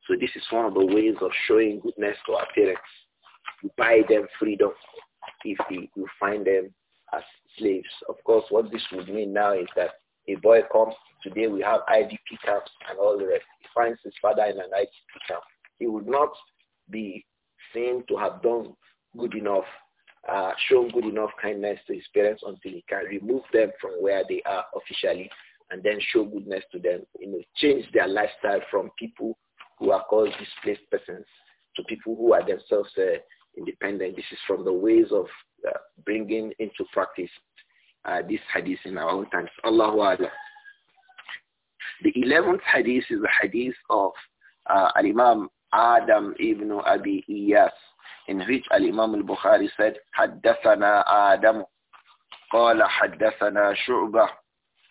So this is one of the ways of showing goodness to our parents. You buy them freedom if you find them as slaves. Of course, what this would mean now is that a boy comes, today we have IDP camps and all the rest. He finds his father in an IDP camp. He would not be seen to have done good enough, uh, shown good enough kindness to his parents until he can remove them from where they are officially and then show goodness to them, you know, change their lifestyle from people who are called displaced persons to people who are themselves uh, independent. This is from the ways of uh, bringing into practice uh, this hadith in our own times. Allahu Akbar. The 11th hadith is the hadith of uh, Al-Imam Adam ibn Abi Iyas, in which Al-Imam al-Bukhari said, حدثنا آدم قال حدثنا شعبة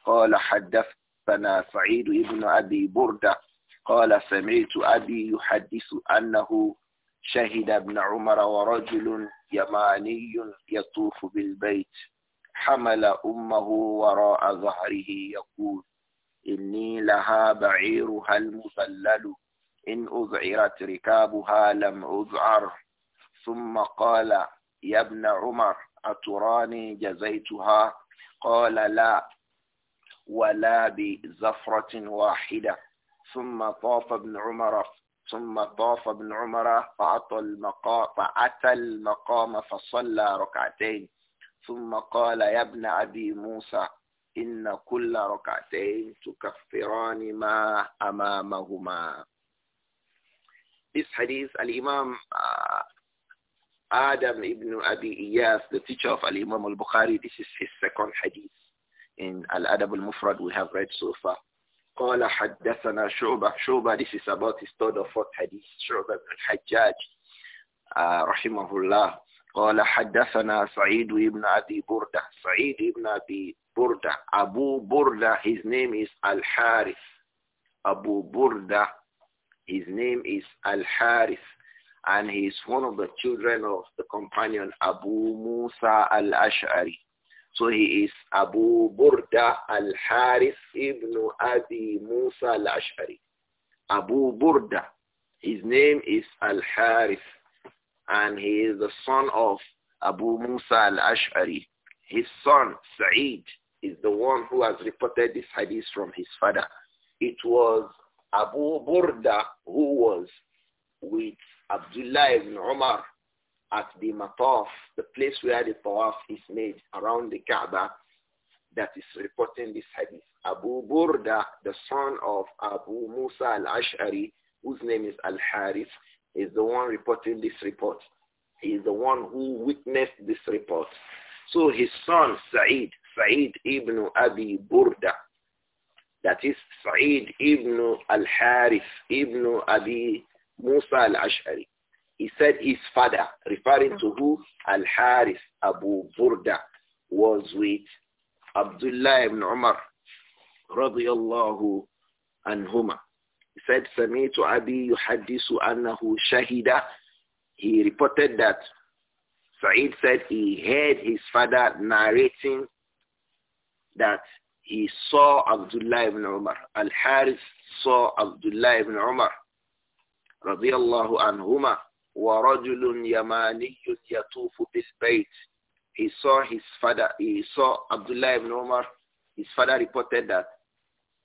قال حدثنا سعيد ابن أبي بردة قال سمعت أبي يحدث أنه شهد ابن عمر ورجل يماني يطوف بالبيت حمل أمه وراء ظهره يقول إني لها بعيرها المذلل إن أذعرت ركابها لم أذعر ثم قال يا ابن عمر أتراني جزيتها قال لا ولا بزفرة واحدة ثم طاف ابن عمر ثم طاف ابن عمر فأتى المقام, فأتى المقام فصلى ركعتين ثم قال يا ابن أبي موسى إن كل ركعتين تكفران ما أمامهما This hadith, Al-Imam uh, Adam ibn Abi Iyas, the teacher of Al-Imam al-Bukhari, this is his second hadith in Al-Adab al-Mufrad we have read so far. قال حدثنا شعبة شعبة this is about his third or fourth hadith شعبة بن الحجاج uh, رحمه الله قال حدثنا سعيد بن أبي بردة سعيد بن أبي بردة أبو بردة his name is al Harif Abu Burda his name is Al-Harith and he is one of the children of the companion Abu Musa al-Ash'ari. So he is Abu Burda al-Harith ibn Abi Musa al-Ash'ari. Abu Burda. His name is al-Harith and he is the son of Abu Musa al-Ash'ari. His son Sa'id is the one who has reported this hadith from his father. It was Abu Burda, who was with Abdullah ibn Umar at the Mataf, the place where the Tawaf is made around the Kaaba, that is reporting this hadith. Abu Burda, the son of Abu Musa al-Ash'ari, whose name is Al-Harith, is the one reporting this report. He is the one who witnessed this report. So his son, Sa'id, Sa'id ibn Abi Burda, that is Sa'id ibn al-Harith ibn Abi Musa al-Ash'ari. He said his father, referring to who? Al-Harith Abu Burda was with Abdullah ibn Umar radiyallahu anhuma. He said, Samitu Abi yuhaddisu annahu shahida. He reported that Sa'id said he heard his father narrating that he saw Abdullah ibn Umar. al Haris saw Abdullah ibn Umar الله عنهما ورجل يماني يطوف بالبيت he saw his father he saw Abdullah ibn Umar his father reported that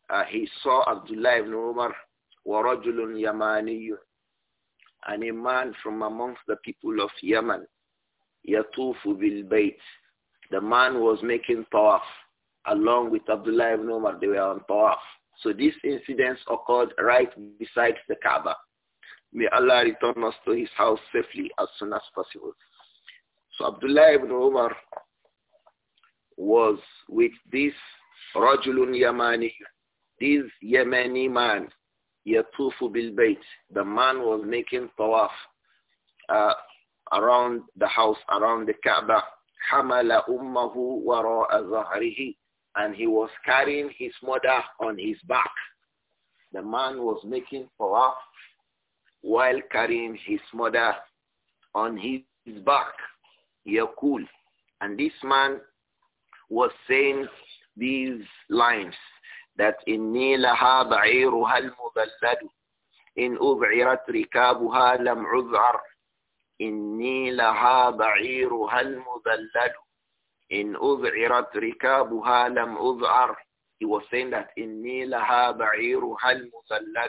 uh, he saw Abdullah ibn Umar ورجل يماني and a man from amongst the people of Yemen يطوف بالبيت the man was making tawaf along with Abdullah ibn Umar. They were on Tawaf. So these incidents occurred right beside the Kaaba. May Allah return us to his house safely as soon as possible. So Abdullah ibn Umar was with this Rajulun Yamani, this Yemeni man, Yatufu Bilbait. The man was making tawaf uh, around the house, around the Kaaba. حمل أمه وراء ظهره and he was carrying his mother on his back. The man was making tawaf while carrying his mother on his back. Yaqul. And this man was saying these lines that in لَهَا بَعِيرُهَا الْمُذَلَّدُ إِنْ أُذْعِرَتْ رِكَابُهَا لَمْ عُذْعَرْ إِنِّي لَهَا بَعِيرُهَا الْمُذَلَّدُ in Uz'irat rikabuha lam uz'ar. He was saying that in laha ba'iruha al-musallad.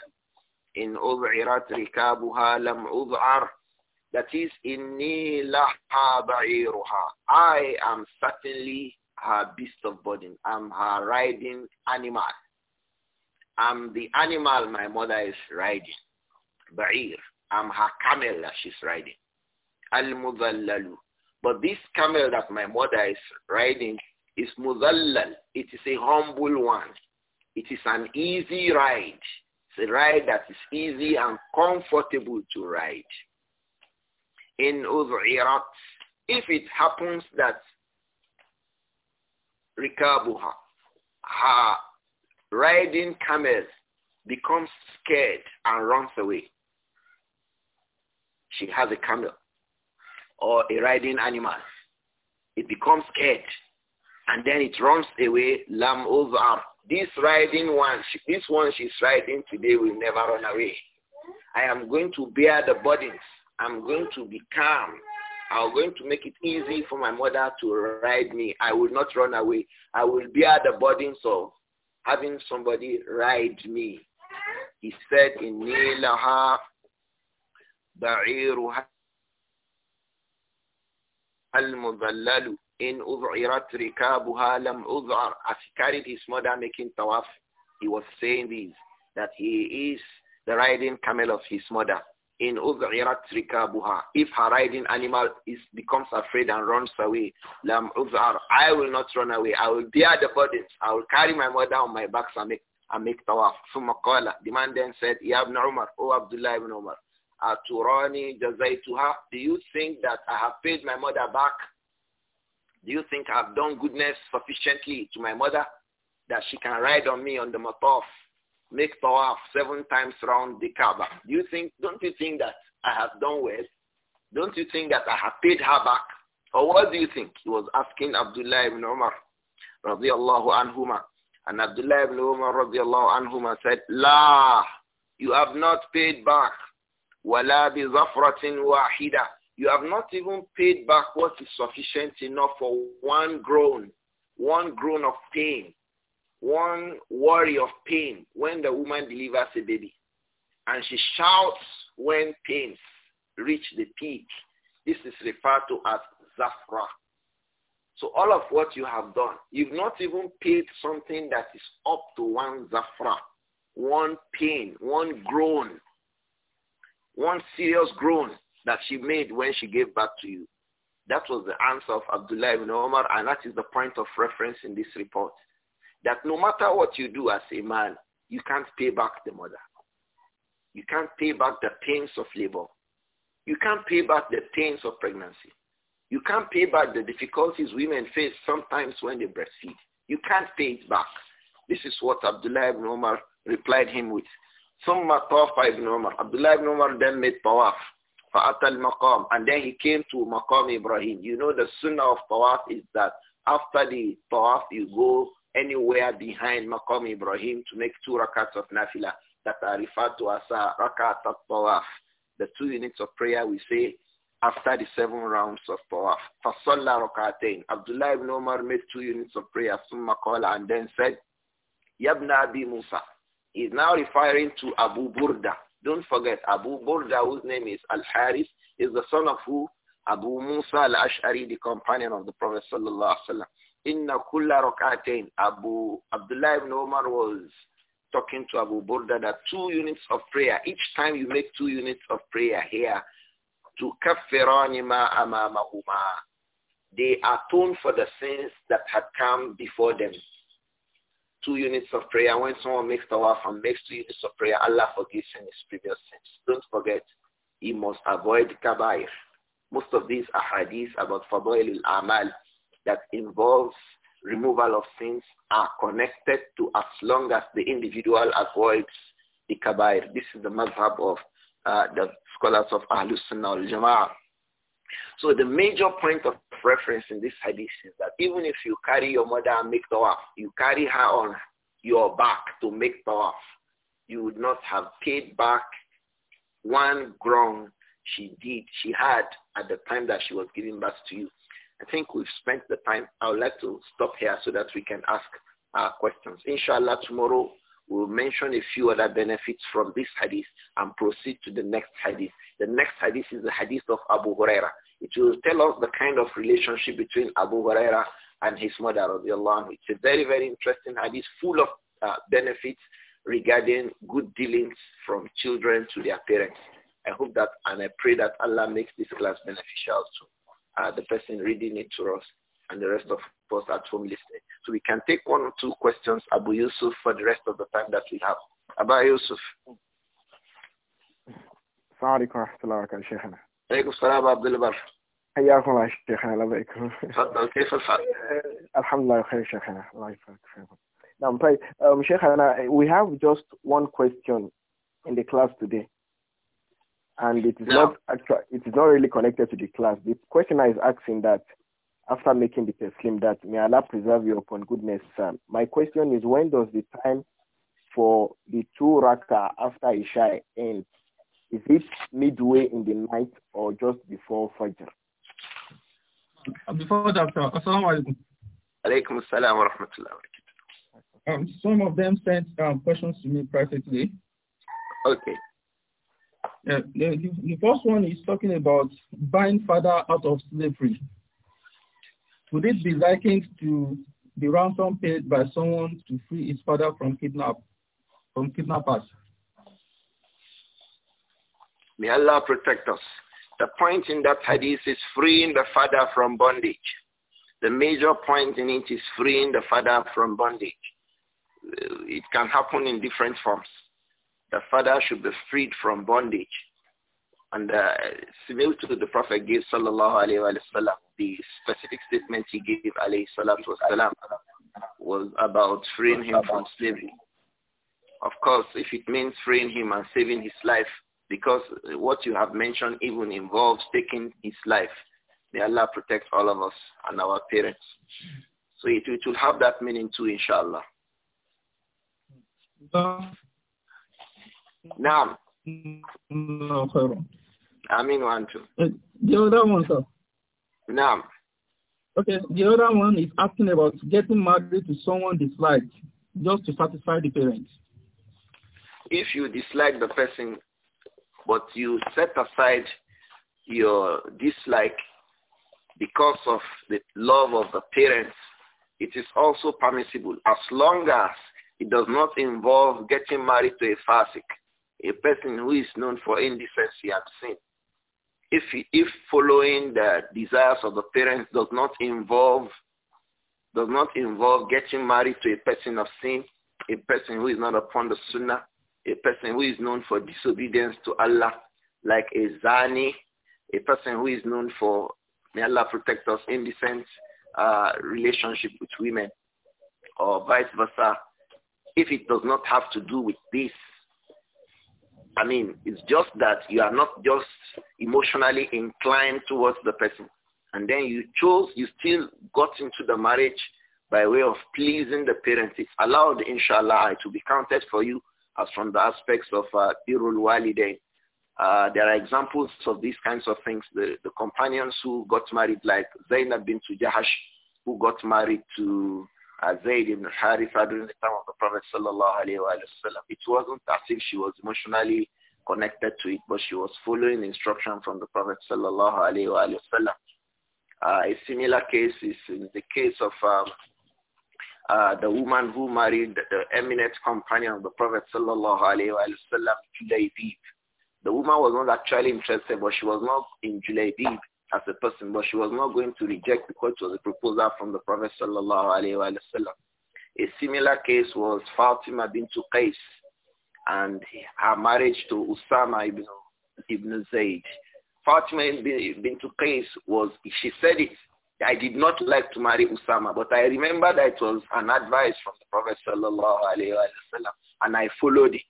In Uz'irat rikabuha lam uz'ar. That is, inni laha ba'iruha. I am certainly her beast of burden. I'm her riding animal. I'm the animal my mother is riding. Ba'ir. I'm her camel that she's riding. Al-Mudhallalu. But this camel that my mother is riding is muzallal. It is a humble one. It is an easy ride. It's a ride that is easy and comfortable to ride. In Uz'irat, if it happens that Rikabuha, her riding camel becomes scared and runs away. She has a camel or a riding animal. It becomes scared and then it runs away, lamb over. This riding one, this one she's riding today will never run away. I am going to bear the burdens. I'm going to be calm. I'm going to make it easy for my mother to ride me. I will not run away. I will bear the burdens of having somebody ride me. He said in Nilaha, Ba'iruha Al-Mudhallalu in Uz'irat Rikabuha lam As he carried his mother making tawaf, he was saying this, that he is the riding camel of his mother. In Uz'irat Rikabuha. If her riding animal is, becomes afraid and runs away, lam Uz'ar. I will not run away. I will bear the burdens. I will carry my mother on my back and make, and make tawaf. ثم قال, the man then said, Ya ibn Umar, O Abdullah ibn Umar. Aturani Jazaituha. Do you think that I have paid my mother back? Do you think I have done goodness sufficiently to my mother that she can ride on me on the matof, make tawaf seven times round the Kaaba? Do you think, don't you think that I have done well? Don't you think that I have paid her back? Or what do you think? He was asking Abdullah ibn Umar radiallahu anhuma. And Abdullah ibn Umar radiallahu anhuma said, La, you have not paid back you have not even paid back what is sufficient enough for one groan, one groan of pain, one worry of pain when the woman delivers a baby. And she shouts when pains reach the peak. This is referred to as zafra. So all of what you have done, you've not even paid something that is up to one zafra, one pain, one groan one serious groan that she made when she gave back to you. That was the answer of Abdullah ibn Omar, and that is the point of reference in this report. That no matter what you do as a man, you can't pay back the mother. You can't pay back the pains of labor. You can't pay back the pains of pregnancy. You can't pay back the difficulties women face sometimes when they breastfeed. You can't pay it back. This is what Abdullah ibn Omar replied him with. Some طاف ابن عمر Abdullah ibn Umar then made tawaf فأتى maqam and then he came to maqam Ibrahim you know the sunnah of tawaf is that after the tawaf you go anywhere behind Maqam Ibrahim to make two rakats of nafila that are referred to as rakat of tawaf. The two units of prayer we say after the seven rounds of tawaf. Fasalla rakatain. Abdullah ibn Umar made two units of prayer, summa qala, and then said, Yabna Abi Musa is now referring to Abu Burda. Don't forget, Abu Burda, whose name is Al-Haris, is the son of who? Abu Musa al-Ash'ari, the companion of the Prophet sallallahu alaihi wasallam. Inna kulla rakatain. Abu Abdullah ibn Omar was talking to Abu Burda that two units of prayer, each time you make two units of prayer here, to kafirani ma amamahuma, they atone for the sins that had come before them two units of prayer. When someone makes tawaf and makes two units of prayer, Allah forgives him his previous sins. Don't forget, he must avoid kabair. Most of these ahadith about fadail al-amal that involves removal of sins are connected to as long as the individual avoids the kabair. This is the madhab of uh, the scholars of Ahlus Sunnah al-Jama'ah. So the major point of reference in this hadith is that even if you carry your mother and make tawaf, you carry her on your back to make tawaf, you would not have paid back one grown she did, she had at the time that she was giving birth to you. I think we've spent the time. I would like to stop here so that we can ask our questions. Inshallah, tomorrow we'll mention a few other benefits from this hadith and proceed to the next hadith. The next hadith is the hadith of Abu Huraira. It will tell us the kind of relationship between Abu Huraira and his mother, radiallahu It's a very, very interesting hadith full of uh, benefits regarding good dealings from children to their parents. I hope that and I pray that Allah makes this class beneficial to uh, the person reading it to us and the rest of us at home listening. So we can take one or two questions, Abu Yusuf, for the rest of the time that we have. Abu Yusuf. عليكم السلام ابو عبد البر حياكم الله شيخنا الله يبارك تفضل كيف الحال؟ <laughs> الحمد لله بخير شيخنا الله يبارك فيكم نعم طيب um, شيخنا we have just one question in the class today and it is yeah. not actually it is not really connected to the class the questioner is asking that after making the taslim that may Allah preserve you upon goodness Sam. my question is when does the time for the two rakah after Isha ends is it midway in the night or just before Fajr? Uh, before that, Assalamu alaikum. assalam wa rahmatullahi um, some of them sent um, questions to me privately. Okay. Uh, the, the first one is talking about buying father out of slavery. Would it be likened to the ransom paid by someone to free his father from kidnap from kidnappers? May Allah protect us. The point in that hadith is freeing the father from bondage. The major point in it is freeing the father from bondage. Uh, it can happen in different forms. The father should be freed from bondage. And uh, similar to the Prophet gave, sallallahu alayhi wa sallam, the specific statement he gave, alayhi salatu was about freeing him from slavery. Of course, if it means freeing him and saving his life, because what you have mentioned even involves taking his life. May Allah protect all of us and our parents. So it, it will have that meaning too, inshallah. Naam. No, mean one too. The other one, sir. Naam. Okay, the other one is asking about getting married to someone disliked just to satisfy the parents. If you dislike the person, but you set aside your dislike because of the love of the parents. It is also permissible as long as it does not involve getting married to a fasik, a person who is known for indecency and sin. If, if following the desires of the parents does not involve does not involve getting married to a person of sin, a person who is not upon the sunnah, a person who is known for disobedience to Allah, like a zani, a person who is known for, may Allah protect us, indecent uh, relationship with women, or vice versa, if it does not have to do with this, I mean, it's just that you are not just emotionally inclined towards the person. And then you chose, you still got into the marriage by way of pleasing the parents. It's allowed, inshallah, to be counted for you as from the aspects of uh, birrul Uh, there are examples of these kinds of things. The, the companions who got married, like Zainab bint Jahash, who got married to uh, Zayd ibn Haritha during the time of the Prophet sallallahu alaihi wasallam. It wasn't as if she was emotionally connected to it, but she was following instruction from the Prophet sallallahu alaihi wasallam. Uh, a similar case is in the case of um, uh, the woman who married the eminent companion of the Prophet sallallahu alaihi wasallam, Julaybib. The woman was not actually interested, but she was not in Julaybib as a person, but she was not going to reject because it was a proposal from the Prophet sallallahu alaihi wasallam. A similar case was Fatima bint Qais and her marriage to Usama ibn, ibn Zayd. Fatima bint Qais was, she said it, I did not like to marry Usama, but I remember that it was an advice from the Prophet sallallahu alaihi wasallam, and I followed it.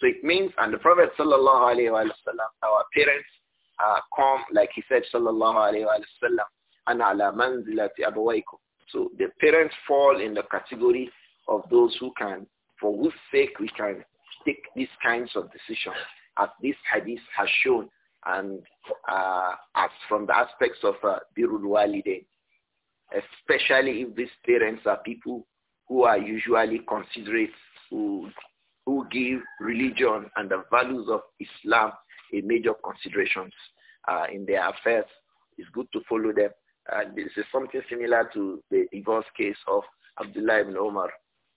So it means, and the Prophet sallallahu alaihi wasallam, our parents uh, come, like he said sallallahu alaihi wasallam, and ala manzilati abawaykum. So the parents fall in the category of those who can, for whose sake we can take these kinds of decisions, as this hadith has shown and uh, as from the aspects of uh, birul especially if these parents are people who are usually considerate, who, who give religion and the values of Islam a major considerations uh, in their affairs. It's good to follow them. And this is something similar to the divorce case of Abdullah ibn Omar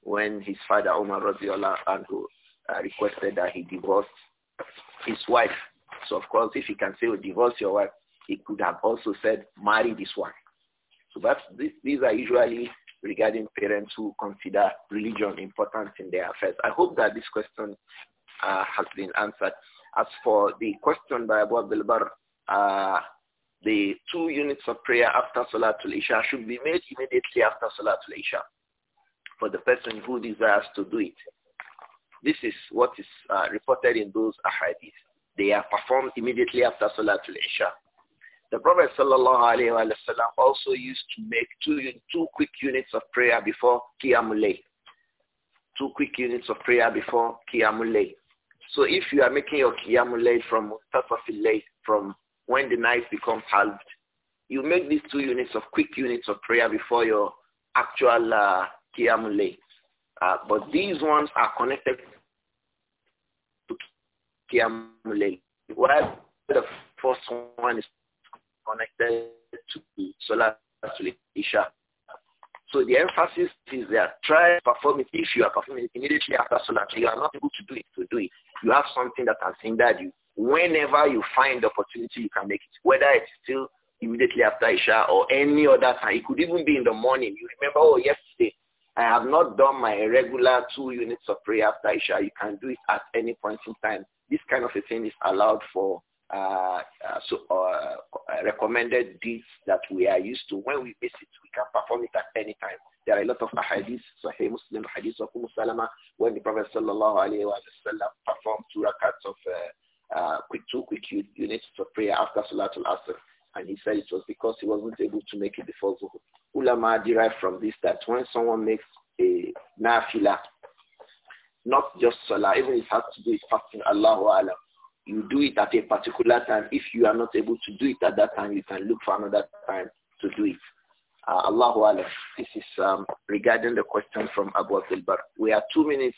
when his father Omar Radiallahu anhu uh, requested that he divorce his wife of course, if he can say, oh, divorce your wife, he could have also said, marry this one. So that's, these are usually regarding parents who consider religion important in their affairs. I hope that this question uh, has been answered. As for the question by Abu Abdul uh, the two units of prayer after Salatul Isha should be made immediately after Salatul Isha for the person who desires to do it. This is what is uh, reported in those ahadith. They are performed immediately after Salatul Isha. The Prophet ﷺ also used to make two, two quick units of prayer before Qiyamul Two quick units of prayer before Qiyamul So if you are making your Qiyamul from Mustafafil from when the night becomes halved, you make these two units of quick units of prayer before your actual uh, Qiyamul uh, but these ones are connected Qiyamul the first one is connected to to Isha. So the emphasis is that try performing perform it. If you are performing it immediately after Solar, you are not able to do it, to do it. You have something that has hindered you. Whenever you find the opportunity, you can make it. Whether it's still immediately after Isha or any other time. It could even be in the morning. You remember, oh, yesterday, I have not done my regular two units of prayer after Isha. You can do it at any point in time. This kind of a thing is allowed for uh, uh, so, uh, uh recommended deeds that we are used to. When we miss it, we can perform it at any time. There are a lot of hadiths, Sahih Muslim hadiths of Umm Salama, when the Prophet sallallahu alaihi wasallam performed two rakats of uh, uh quick two quick units of prayer after Salatul Asr. And he said it was because he wasn't able to make it before Zuhur. Ulama derived from this that when someone makes a nafila not just salah, even if it has to do with fasting, Allahu Alam. You do it at a particular time. If you are not able to do it at that time, you can look for another time to do it. Uh, Allahu Alam. This is um, regarding the question from Abu Abdul We are two minutes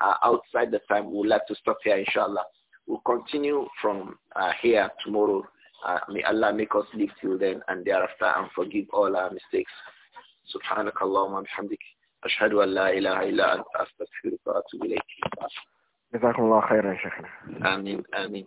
uh, outside the time. We would like to stop here, inshallah. We'll continue from uh, here tomorrow. Uh, may Allah make us live till then and thereafter and forgive all our mistakes. سبحانك اللهم وبحمدك أشهد أن لا إله إلا أنت أستغفرك وأتوب إليك جزاكم الله خيرا يا شيخنا آمين آمين